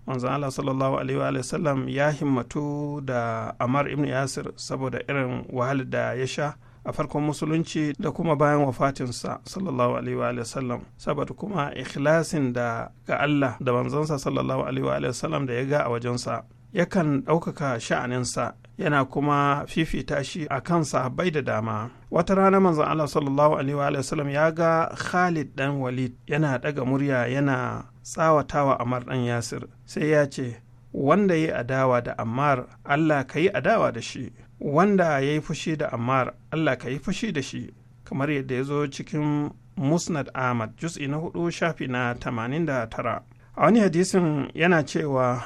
manzon allah sallallahu alaihi wa sallam ya himmatu da amar ibn yasir saboda irin wahal da ya sha a farkon musulunci da kuma bayan wafatinsa sallallahu alaihi wa sallam saboda kuma ikhlasin da ga Allah da manzansa sallallahu alaihi wa sallam da ya ga a wajensa yakan ɗaukaka sha'aninsa yana kuma fifita shi a kan bai da dama wata rana manzon Allah sallallahu alaihi wa ya ga Khalid dan Walid yana daga murya yana tsawatawa amar dan Yasir sai ya ce wanda yi adawa da Ammar Allah ka yi adawa da shi wanda ya yi fushi da Ammar Allah ka yi fushi da shi kamar yadda ya zo cikin Musnad Ahmad jus'i na hudu shafi na 89 a wani hadisin yana cewa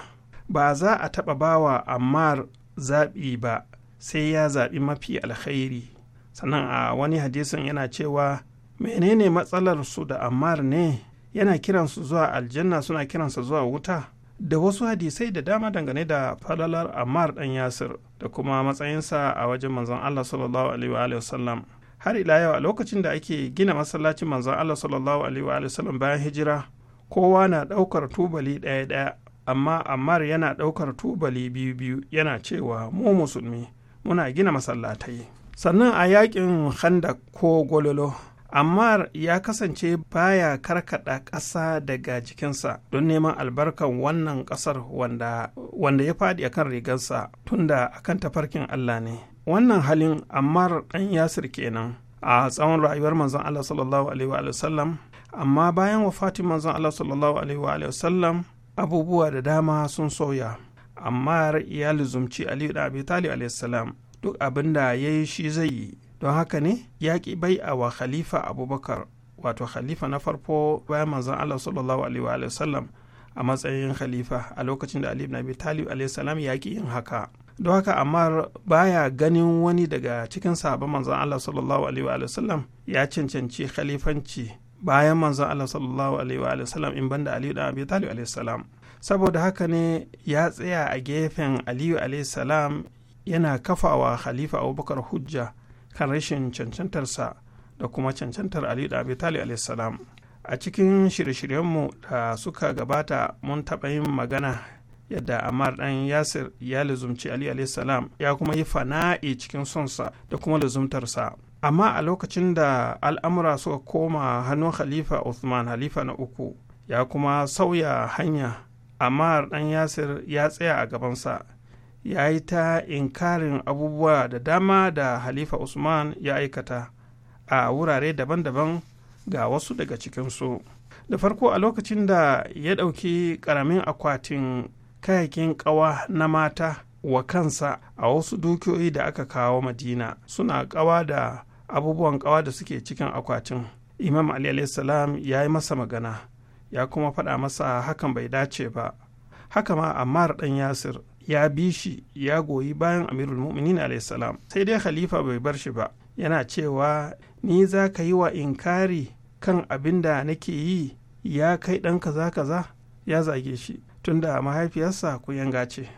ba za a taɓa bawa Ammar zaɓi ba sai ya zaɓi mafi alkhairi sannan a wani hadisin yana cewa menene matsalar su da ammar ne yana kiransu zuwa aljanna suna kiransa zuwa wuta da wasu hadisai da dama dangane da falalar ammar ɗan yasir da kuma matsayinsa a wajen manzon allah sallallahu alaihi wasallam har ila yau a lokacin da ake gina masallacin manzon allah sallallahu alaihi wasallam bayan hijira kowa na ɗaukar tubali ɗaya ɗaya amma ammar yana ɗaukar tubali biyu-biyu yana cewa mu musulmi muna gina masallatai sannan a yakin handa ko gololo ammar ya kasance baya karkada ƙasa daga jikinsa don neman albarkan wannan ƙasar wanda, wanda ya faɗi a kan rigarsa tunda a kan tafarkin allah ne wannan halin ammar ɗan yasir kenan a tsawon rayuwar manzon allah sallallahu alaihi wa sallam amma bayan wafatin manzon allah sallallahu alaihi wa sallam abubuwa da dama sun sauya amma ya lizumci aliyu da abi talib alaihissalam duk abin da ya yi shi zai yi don haka ne ya ki bai a wa khalifa abubakar wato khalifa na farko bayan manzon allah sallallahu alaihi wa sallam a matsayin khalifa a lokacin da aliyu na abi talib alaihissalam ya ki yin haka don haka ammar baya ganin wani daga cikin sahabban manzon Allah sallallahu alaihi wa sallam ya cancanci khalifanci bayan manzon Allah sallallahu alaihi wa sallam in banda Aliyu dan Abi Talib alaihi salam saboda haka ne ya tsaya a gefen Aliyu alaihi salam yana kafawa Khalifa Abubakar hujja kan rashin cancantarsa da kuma cancantar Aliyu dan Abi Talib alaihi salam a cikin shirye-shiryenmu da suka gabata mun taɓa yin magana yadda amar dan Yasir ya lizumci Ali alaihi salam ya kuma yi fana'i cikin sonsa da kuma lizumtarsa amma a lokacin da al'amura suka koma hannun halifa Usman, halifa na uku ya kuma sauya hanya amma ɗan yasir ya tsaya a gabansa ya yi ta inkarin abubuwa da dama da halifa Usman ya aikata a wurare daban-daban ga wasu daga cikinsu da farko a lokacin da ya ɗauki ƙaramin akwatin kayakin ƙawa na mata wa kansa a wasu dukiyoyi da aka kawo madina suna ƙawa da abubuwan kawa da suke cikin akwatin imam ali salam ya yi masa magana ya kuma faɗa masa hakan bai dace ba haka ma ammar ɗan yasir ya bi shi ya goyi bayan amirul mu'minin salam sai dai khalifa bai bar shi ba yana cewa ni za ka yi wa inkari kan abin da nake yi ya kai ɗan kaza kaza ya zage shi tunda mahaifiyarsa yanga ce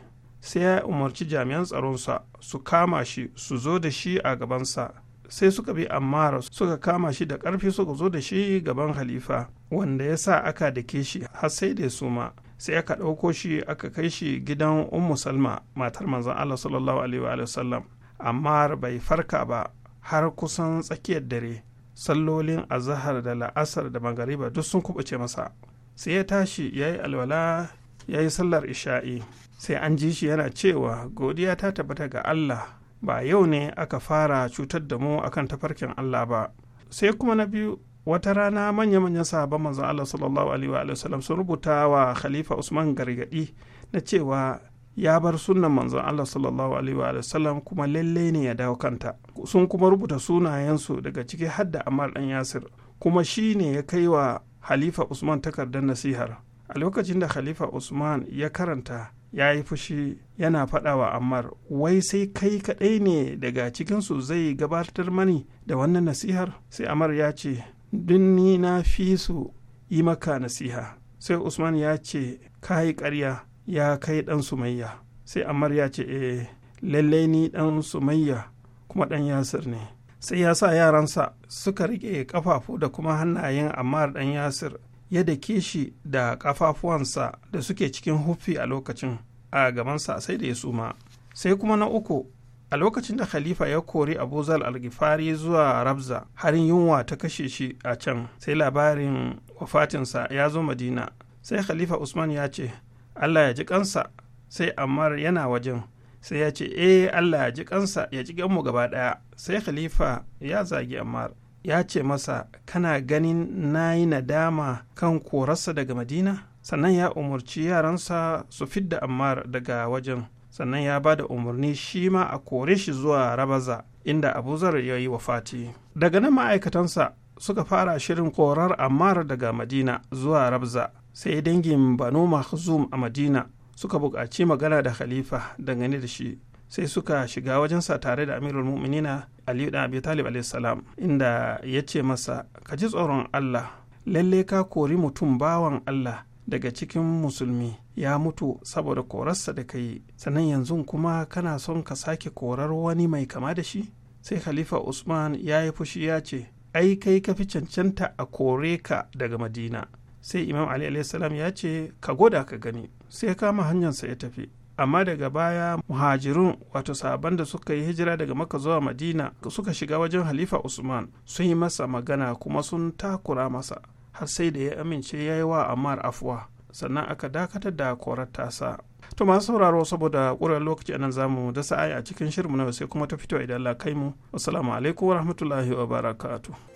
sai ya umarci jami'an tsaronsa su kama shi su zo da shi a gabansa sai suka bi ammar suka kama shi da ƙarfi suka zo da shi gaban halifa wanda ya sa aka dake shi har sai da suma sai aka ɗauko shi aka kai shi gidan ummu salma matar manzon allah sallallahu alaihi wa sallam ammar bai farka ba har kusan tsakiyar dare sallolin azahar da la'asar da magariba duk sun kubuce masa sai ya tashi ya yi alwala ya yi sallar isha'i sai an ji shi yana cewa godiya ta tabbata ga allah ba yau ne aka fara cutar da mu akan tafarkin Allah ba sai kuma na biyu wata rana manya-manyan sahabban manzon Allah sallallahu alaihi wa sallam sun rubuta wa khalifa Usman gargadi na cewa ya bar sunnan manzon Allah sallallahu alaihi wa sallam kuma lalle ne ya dawo kanta sun kuma rubuta sunayensu daga ciki da Ammar dan Yasir kuma shi ne ya kai wa Khalifa Usman takardar nasihar a lokacin da Khalifa Usman ya karanta ya yi fushi yana faɗawa ammar wai sai kai kaɗai ne daga cikinsu zai gabatar mani da wannan nasihar sai ammar ya ce ni na fi su yi maka nasiha sai usman ya ce ka yi ƙarya ya kai ɗan sumayya sai ammar ya ce e lallai ni ɗan sumayya kuma ɗan yasir ne sai ya sa yaransa suka riƙe ƙafafu da kuma hannayen ammar ɗan yasir ya dake shi da ƙafafuwansa da suke cikin huffi a lokacin a gabansa sai da ya suma sai kuma na uku a lokacin da khalifa ya kori abu zal algifari zuwa rabza harin yunwa ta kashe shi a can sai labarin wafatinsa ya zo madina sai khalifa usman ya ce allah ya ji kansa sai ammar yana wajen sai ya ce eh allah ya ji kansa ya ji gaba daya sai khalifa ya zagi ammar ya ce masa kana ganin na yi nadama kan korarsa daga madina sannan ya umarci yaransa su fidda ammar daga wajen sannan ya ba da umarni shi ma a kore shi zuwa rabaza inda abuzar ya yi wa Fati. daga nan ma'aikatansa suka fara shirin korar ammar daga madina zuwa rabza sai dangin banu mahzum a madina suka buƙaci magana da khalifa dangane da shi sai suka shiga wajensa tare da amirul mu'minina aliyu da abi talib alaihissalam inda ya ce masa ka ji tsoron allah lalle ka kori mutum bawan allah daga cikin musulmi ya mutu saboda korarsa da ka yi sannan yanzu kuma kana son ka sake korar wani mai kama da shi sai khalifa usman ya yi fushi ya ce ai kai ka fi cancanta a kore ka daga madina sai imam ali alaihissalam ya ce ka goda ka gani sai kama hanyarsa ya tafi amma daga baya muhajirun wato sabon da suka yi hijira daga maka zuwa madina suka shiga wajen halifa usman sun yi masa magana kuma sun takura masa har sai da ya amince ya yi wa ammar afuwa sannan aka dakatar da korar tasa to masu sauraro saboda ƙurar lokaci anan zamu da sa'ai a cikin shirmu na sai kuma ta fito idan la kai mu assalamu alaikum warahmatullahi wabarakatuh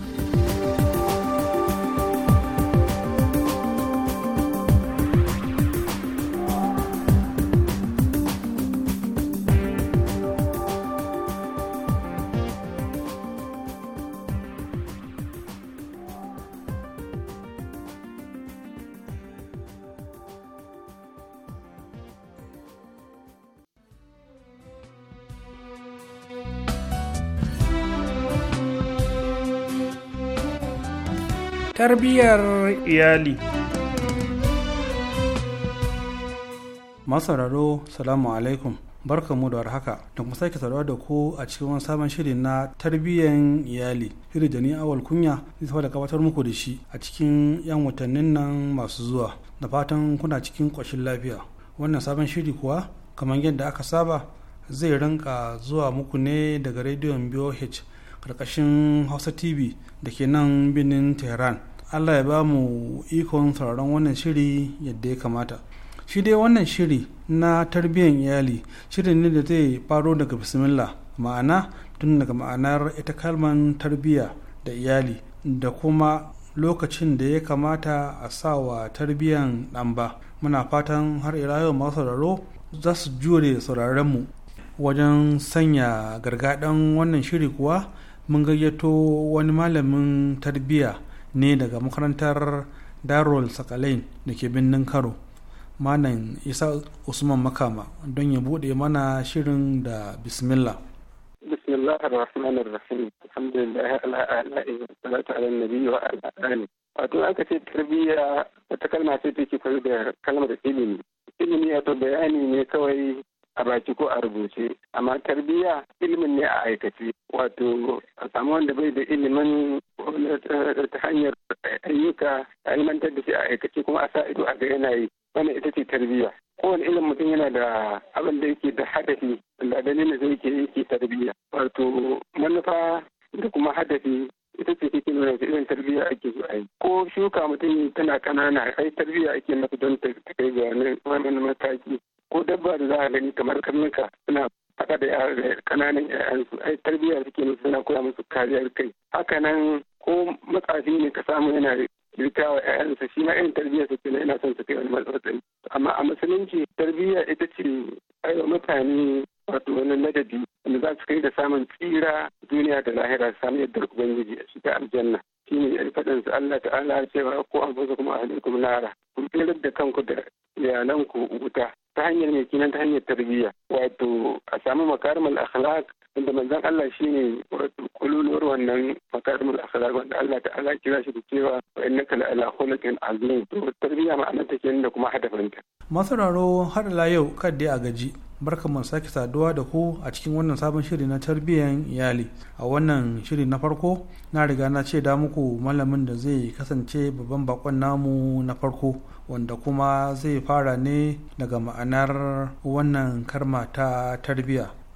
tarbiyyar iyali masararo salamu alaikum barkamu da warhaka da kuma sake saurawa da ku a cikin wani sabon shiri na tarbiyyar iyali shiri da ni awal kunya zai da gabatar muku da shi a cikin yan watannin nan masu zuwa da fatan kuna cikin ƙoshin lafiya wannan sabon shiri kuwa kamar yadda aka saba zai rinka zuwa muku ne daga rediyon boh karkashin hausa tv da ke nan birnin tehran allah ya ba mu ikon sauraron wannan shiri yadda ya kamata shi dai wannan shiri na tarbiyyar iyali shirin ne da zai faro daga bismillah ma'ana tun daga ma'anar ita kalman tarbiyya da iyali da kuma lokacin da ya kamata a sa wa tarbiyyar ɗan ba muna fatan har ila yau masu sauraro za su jure sauraronmu wajen sanya gargaɗin wannan shiri kuwa mun gayyato wani malamin tarbiyya ne daga makarantar darul sakalain da ke birnin karo manan isa usman makama don ya bude mana shirin da bismillah bismillah ar-rahman ar-rahim alhamdulillah ala ala'i salatu ala nabi wa ala alihi wato aka ce tarbiyya wata kalma ce take koyi da kalmar ilimi ilimi wato bayani ne kawai a baki ko a rubuce amma tarbiyya ilimin ne a aikace wato a samu wanda bai da ilimin eh, ta hanyar ayyuka a ilimantar da shi a aikace kuma a sa ido a ga yana yi wannan ita ce tarbiyya kowane ilimin mutum yana da abin da yake da hadafi da dalilin da ke yake tarbiyya wato manufa da kuma hadafi ita ce take nuna ta irin tarbiyya ake so a yi ko shuka mutum tana kanana ai tarbiyya ake masa don ta kai ga wani mataki ko dabba da za a gani kamar karnuka suna faɗa da ƙananan 'ya'yansu. ai tarbiyya suke musu suna koya musu kariyar kai haka nan ko matsafi ne ka samu yana rika wa 'ya'yansa? shi ma irin tarbiyyar su na, yana son su kai wani matsatsani amma a musulunci tarbiyya ita ce aiwa mutane wato wani ladabi wanda za su kai da samun tsira duniya da lahira su samu yadda ubangiji a shiga aljanna shi ne faɗin su Allah ta'ala cewa ko an fasa kuma a kuma lara kun da kanku da iyalanku wuta تحني الامتنان تحني التربيه وعدو اسامه مكارم الاخلاق inda manzon Allah shine kululuwar wannan makarimul akhlaq wanda Allah ala kira shi da cewa wa innaka la ala kholakin azim to tarbiyya ma'anar take da kuma hadafinta masararo har la yau kan dai a gaji mu sake saduwa da ku a cikin wannan sabon shiri na tarbiyyar iyali a wannan shiri na farko na riga na ce da muku malamin da zai kasance babban bakon namu na farko wanda kuma zai fara ne daga ma'anar wannan karma ta tarbiyya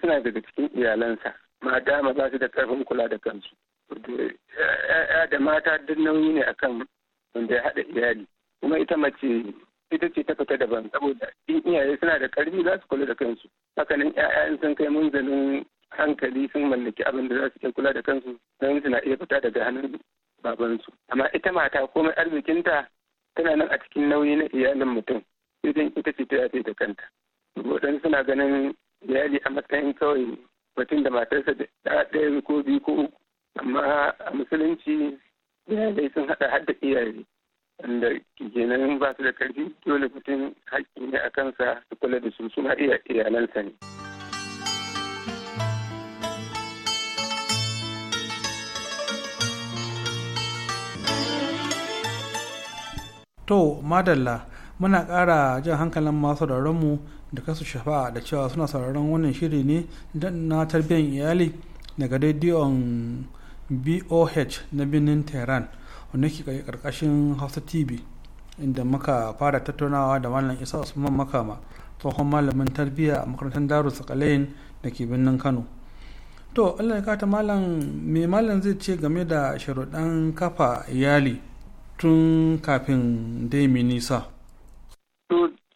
suna daga cikin iyalansa ma dama ba su da karfin kula da kansu ya da mata duk nauyi ne akan wanda ya haɗa iyali kuma ita mace ita ce ta fita daban saboda in iyaye suna da karfi za su kula da kansu hakanan ƴaƴan sun kai munzalin hankali sun mallaki abin da za su kula da kansu don suna iya fita daga hannun babansu amma ita mata komai arzikinta tana nan a cikin nauyi na iyalin mutum idan ita ce ta yafe da kanta waɗansu suna ganin iyali a matsayin kawai mutum da matarsa da ɗaya ko biyu ko uku amma a musulunci iyalai sun haɗa hadda iyaye wanda kenan ba su da ƙarfi dole mutum haƙƙi ne a kansa su kula da su suna iya iyalansa ne. To, madalla muna ƙara jan hankalin masu mu da kasu shafa da cewa suna sauraron wannan shiri ne na tarbiyyar iyali daga rediyon boh na birnin tehran wanda ke karkashin hausa tv inda muka fara tattaunawa da malam isa usman makama tsohon malamin tarbiyya a makarantar daru kalayin da ke birnin kano to allah ya kata malam me malam zai ce game da sharuɗan kafa iyali tun kafin dai nisa.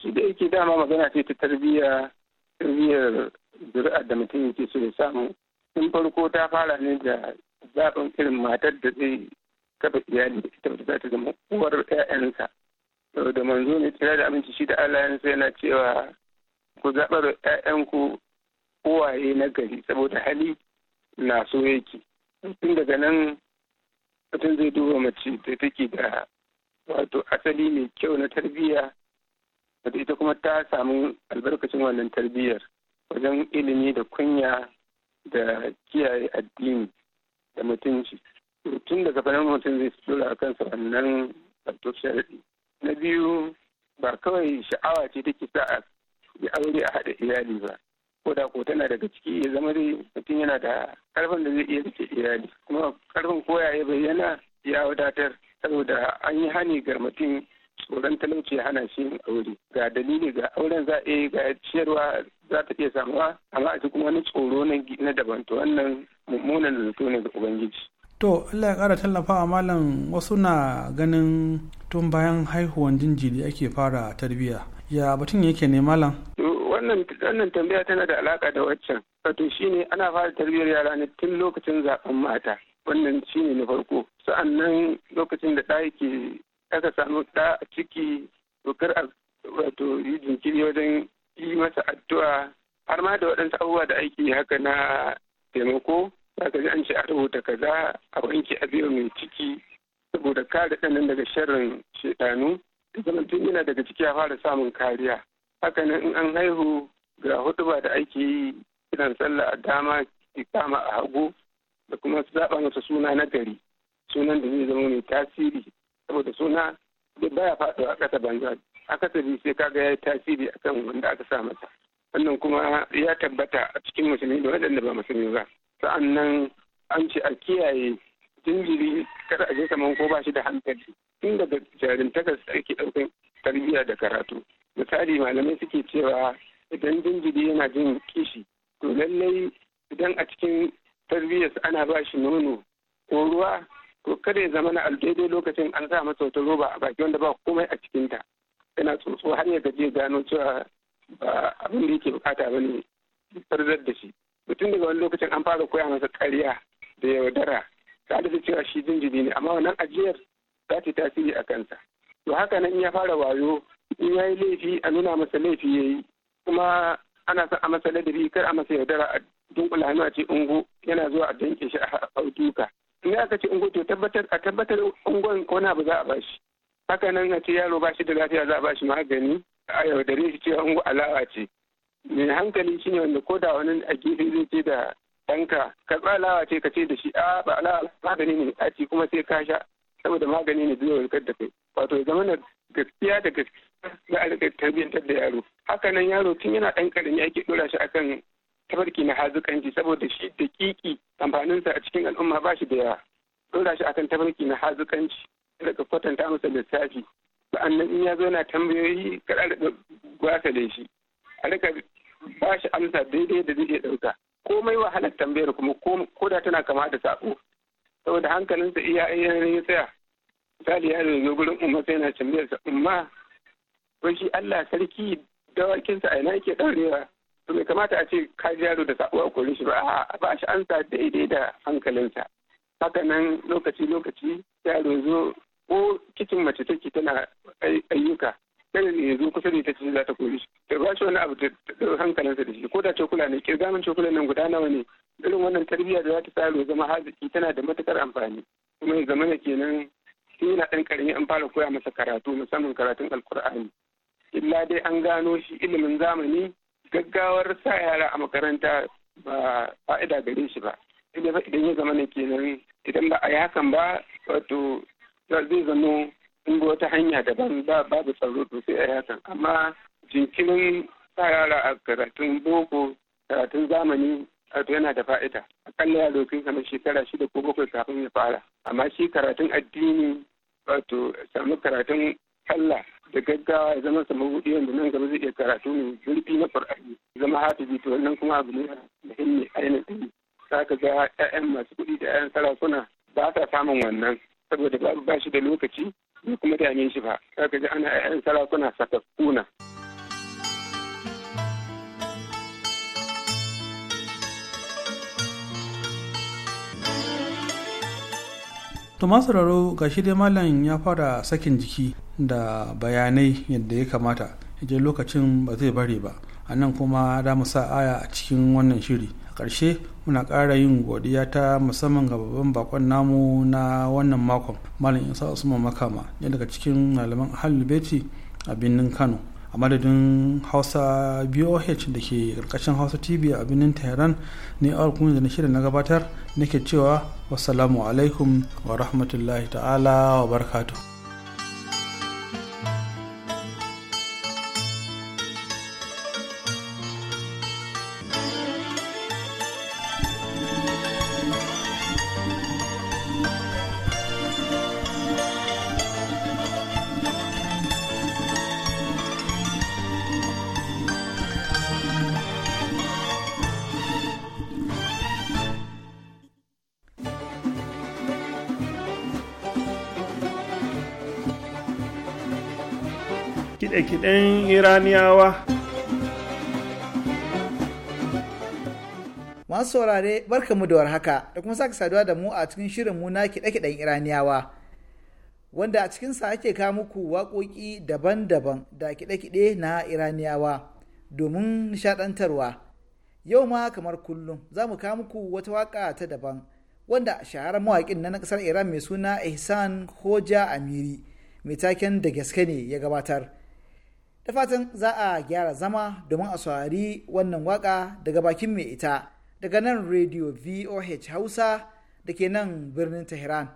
shi da yake dama magana ce ta tarbiyya tarbiyyar zuri'ar da mutum yake so ya samu tun farko ta fara ne da zaɓin irin matar da zai kafa iyali da ita za ta zama uwar 'ya'yansa da manzo ne tare da abinci shi da Allah yansa yana cewa ku zaɓar 'ya'yanku uwaye na gari saboda hali na so yake tun daga nan mutum zai duba mace da take da wato asali mai kyau na tarbiyya wata ita kuma ta samu albarkacin wannan tarbiyyar wajen ilimi da kunya da kiyaye addini da mutunci tun daga fanar mutum zai su dora kansa wannan wato na biyu ba kawai sha'awa ce take sa a yi aure a haɗa iyali ba ko da ko tana daga ciki ya zama dai mutum yana da karfin da zai iya rike iyali kuma karfin koya ya bayyana ya wadatar saboda an yi hani ga mutum tsoron talauci ya hana shi yin aure ga dalili ga auren za a eh, yi ga ciyarwa za ta iya samuwa amma a kuma wani tsoro na daban to wannan mummunan zato ne ga ubangiji to Allah ya kara tallafawa malam wasu na ganin tun bayan haihuwan jinjiri ake fara tarbiyya ya batun yake ne malam wannan tambaya tana da alaka da waccan wato shine ana fara tarbiyyar yara ne tun lokacin zaben mata wannan shine na farko sa'annan lokacin da ɗa yake aka samu ɗa a ciki dokar a wato yi jinkiri wajen yi masa addu'a har ma da waɗansu abubuwa da aiki haka na taimako ka ji an ce a rubuta kaza a wanke a biyo mai ciki saboda kare ɗanin daga sharrin shaidanu tun yana daga ciki a fara samun kariya haka hakanan in an haihu ga hudu ba da ake yi kiran sallah a dama ki kama a hagu da kuma zaɓa masa suna na gari sunan da zai zama mai tasiri saboda suna baya faɗo a ƙasa banza akasari sai kaga ya yi tasiri akan wanda aka sa masa wannan kuma ya tabbata a cikin musulmi da waɗanda ba musulmi ba Sa'annan nan an ce a kiyaye jinjiri kada a je saman ko ba shi da hankali tun daga jarintakar takas ake ɗaukar tarbiyya da karatu misali malamai suke cewa idan jinjiri yana jin kishi to lallai idan a cikin tarbiyyarsa ana ba shi nono ko ruwa to kada ya zama na aldaidai lokacin an sa masa wata roba a baki wanda ba komai a cikinta yana tsotso har ya gaje gano cewa ba abin da yake bukata ba ne farzar da shi mutum daga wani lokacin an fara koya masa karya da yaudara ta da cewa shi jinjiri ne amma wannan ajiyar za ta tasiri a kansa to haka nan ya fara wayo in ya yi laifi a nuna masa laifi ya yi kuma ana son a masa ladabi kar a masa yaudara a dunkula hannu a ce ungo yana zuwa a danke shi a duka in aka ce ungo to tabbatar a tabbatar ungon ko na abu za a bashi haka nan a ce yaro bashi da lafiya za a bashi magani a yaudare shi cewa ungo alawa ce mai hankali shine wanda ko da wani a gefe zai ce da ɗanka ka alawa ce ka ce da shi a ah, ba alawa magani ne a ce kuma sai ka sha saboda magani ne zai warkar da kai wato zama na gaskiya da gaskiya za a rika tarbiyyantar da yaro haka nan yaro tun yana ɗan ƙarami ake ɗora shi akan tafarki na hazukanci saboda shi da kiki amfaninsa a cikin al'umma ba shi da yawa dora shi akan tafarki na hazikanci daga kwatanta masa lissafi sa'annan in ya zo na tambayoyi kada da gwasa da shi a rika ba shi amsa daidai da zai iya ɗauka komai wahalar tambayar kuma ko da tana kama da sako saboda hankalinsa iya yanayin ya tsaya misali ya zo gurin umma sai na tambayarsa umma ko shi Allah sarki dawakinsa a ina yake ɗaurewa to bai kamata a ce ka yaro da sabuwa a kore shi ba a ba shi ansa daidai da hankalinsa haka nan lokaci lokaci yaro zo ko cikin mace take tana ayyuka kada ne yanzu kusa ne ta ce za ta kori shi ta ba shi wani abu da hankalinsa da shi ko da cokula ne kirgamin cokula nan guda nawa ne irin wannan tarbiyya da za ta tsaro zama haziki tana da matukar amfani kuma ya zama kenan shi yana ɗan ƙarami an fara koya masa karatu musamman karatun alkur'ani illa dai an gano shi ilimin zamani gaggawar sa yara a makaranta ba fa'ida gare shi ba idan ya zama kenan idan ba a hakan ba wato zai zama in wata hanya daban ba babu tsaro to a yakan hakan amma jinkirin sa yara a karatun boko karatun zamani wato yana da fa'ida akalla yaro kai kamar shekara shida ko bakwai kafin ya fara amma shi karatun addini wato samu karatun sallah da gaggawa ya zama samun buɗe wanda nan gaba zai iya karatu ne zurfi na ƙur'ani zama hafizi to wannan kuma abu ne muhimmi ainihin za ka ga 'ya'yan masu kuɗi da 'ya'yan sarakuna ba sa samun wannan saboda babu ba shi da lokaci bai kuma dame shi ba za ka ga ana 'ya'yan sarakuna sakakkuna. to masu raro ga shi dai malam ya fara sakin jiki da bayanai yadda ya kamata je lokacin ba zai bari ba a nan kuma da mu sa aya a cikin wannan shiri a ƙarshe muna ƙara yin godiya ta musamman ga babban bakon namu na wannan makon malam isa usman makama ya daga cikin malaman halibeti a birnin kano madadin hausa boh da ke karkashin hausa tv a birnin tehran ne a kuma da na shirin na gabatar nake cewa wasu alaikum wa rahmatullahi ta'ala wa barkatu. kiɗe-kiɗen iraniyawa masu saurare mu da warhaka da kuma sake saduwa da mu a cikin shirin mu na kiɗe-kiɗen iraniyawa wanda a cikinsa ake kawo muku waƙoƙi daban-daban da kiɗe-kiɗe na iraniyawa domin nishaɗantarwa yau ma kamar kullum za mu kawo muku wata waƙa ta daban wanda shaharar mawaƙin na ƙasar iran mai suna ihsan hoja amiri mai taken da gaske ne ya gabatar da fatan za a gyara zama domin a saurari wannan waka daga bakin mai ita daga nan radio voh hausa da ke nan birnin tehran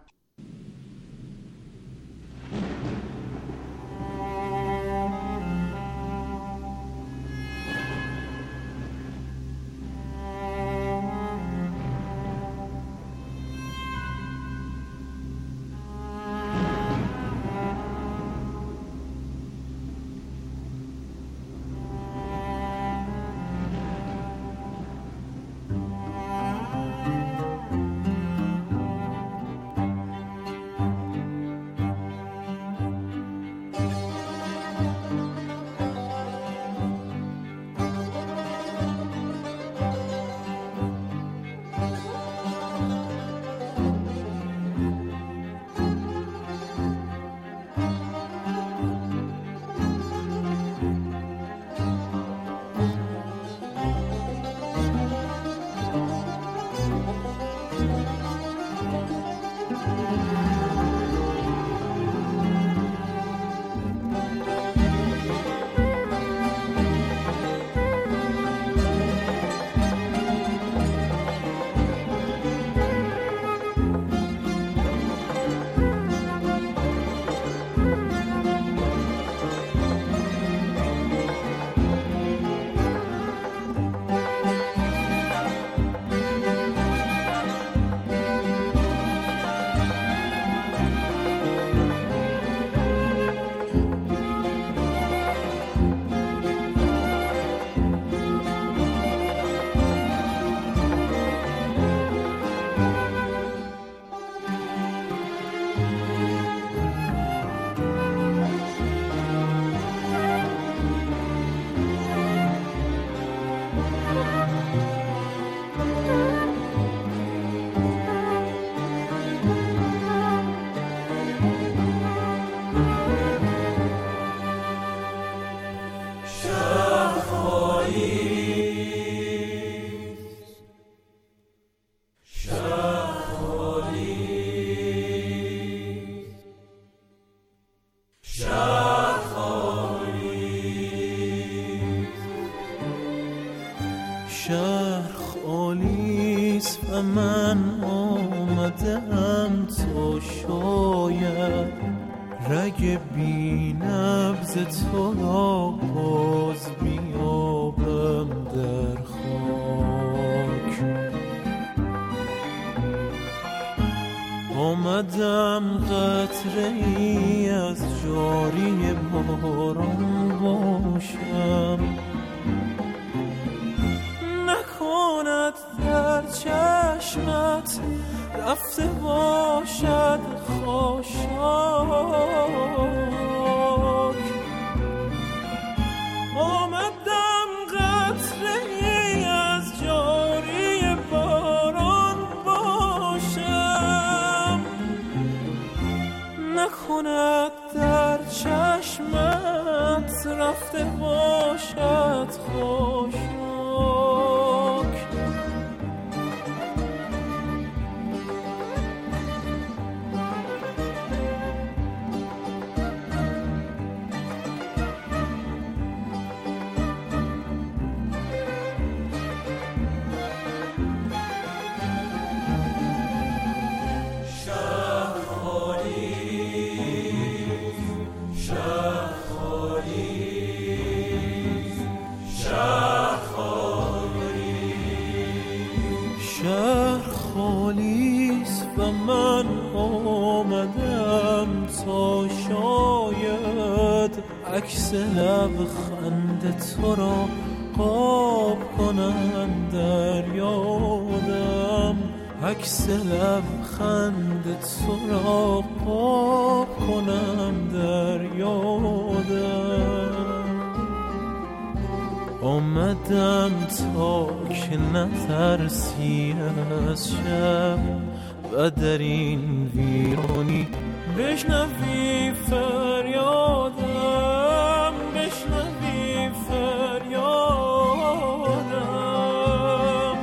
بشنوی فریادم بشنوی فریادم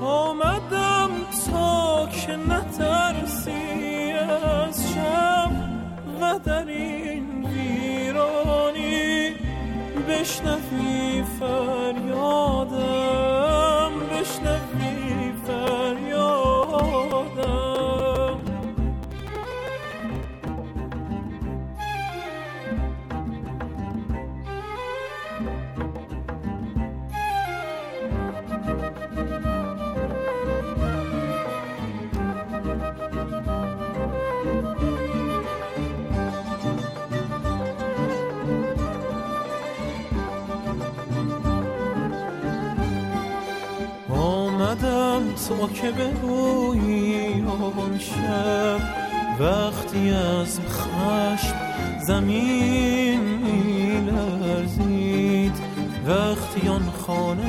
آمدم تا که نترسی از شب و در این ویرانی بشنوی که بگویی آن شب وقتی از خشم زمین میلرزید وقتی آن خانه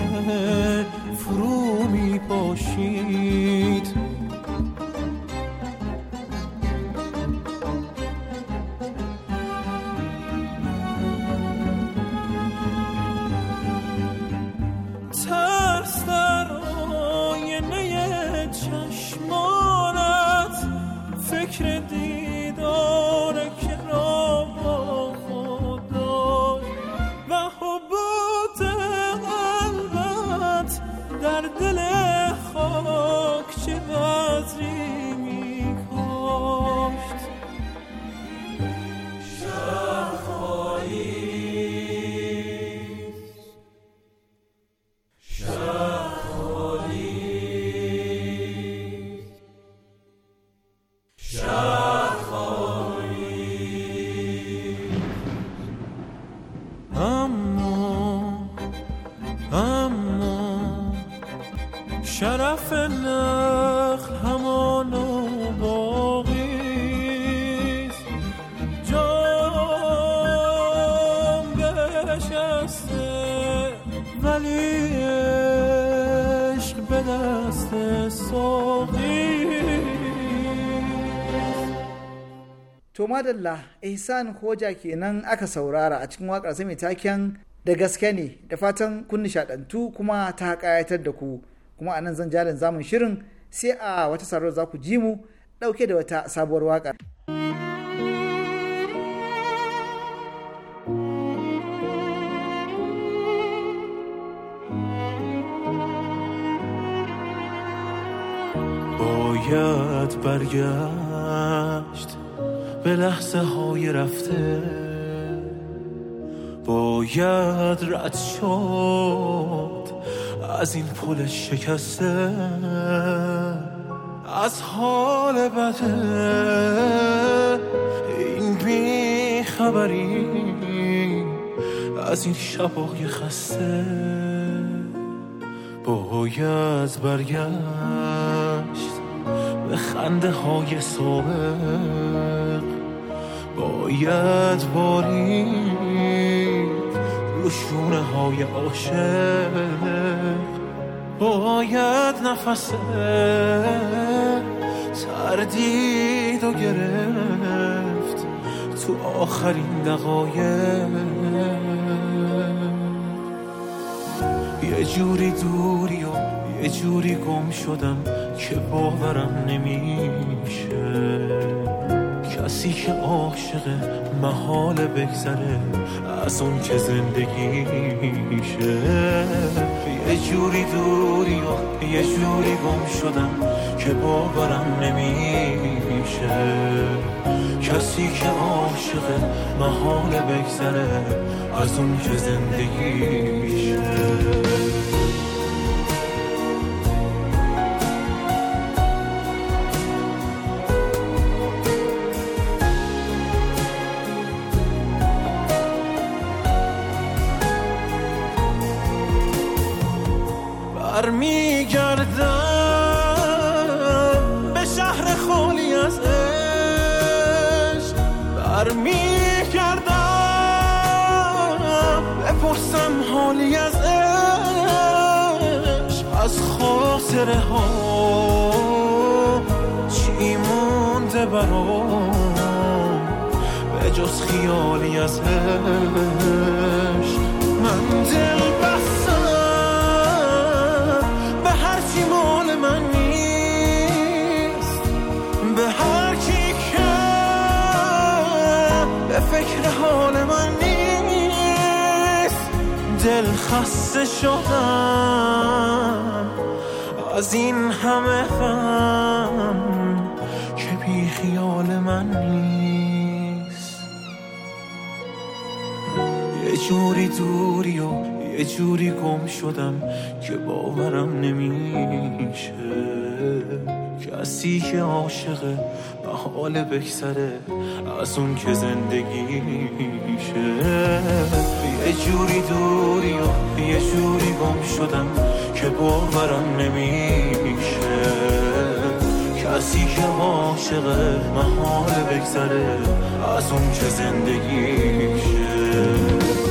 madalla ihsan hoja kenan aka saurara a cikin wakar sai mai taken da gaske ne da fatan kun nishadantu kuma ta kayatar da ku kuma anan zan jalin zamun shirin sai a wata saro za ku ji mu dauke da wata sabuwar waƙar. باید yeah, به لحظه های رفته باید رد شد از این پل شکسته از حال بده این خبری از این شبای خسته باید برگشت به خنده های صبح باید باری رو های عاشق باید نفس تردید و گرفت تو آخرین دقایق یه جوری دوری و یه جوری گم شدم که باورم نمیشه کسی که عاشق محال بگذره از اون که زندگی میشه یه جوری دوری و یه جوری گم شدم که باورم نمیشه کسی که عاشق محال بگذره از اون که زندگی میشه گفتم که باورم نمیشه کسی که عاشقه به حال بکسره از اون که زندگی میشه یه جوری دوری و یه جوری گم شدم که باورم نمیشه کسی که عاشقه حال بکسره از اون که زندگی زندگیشه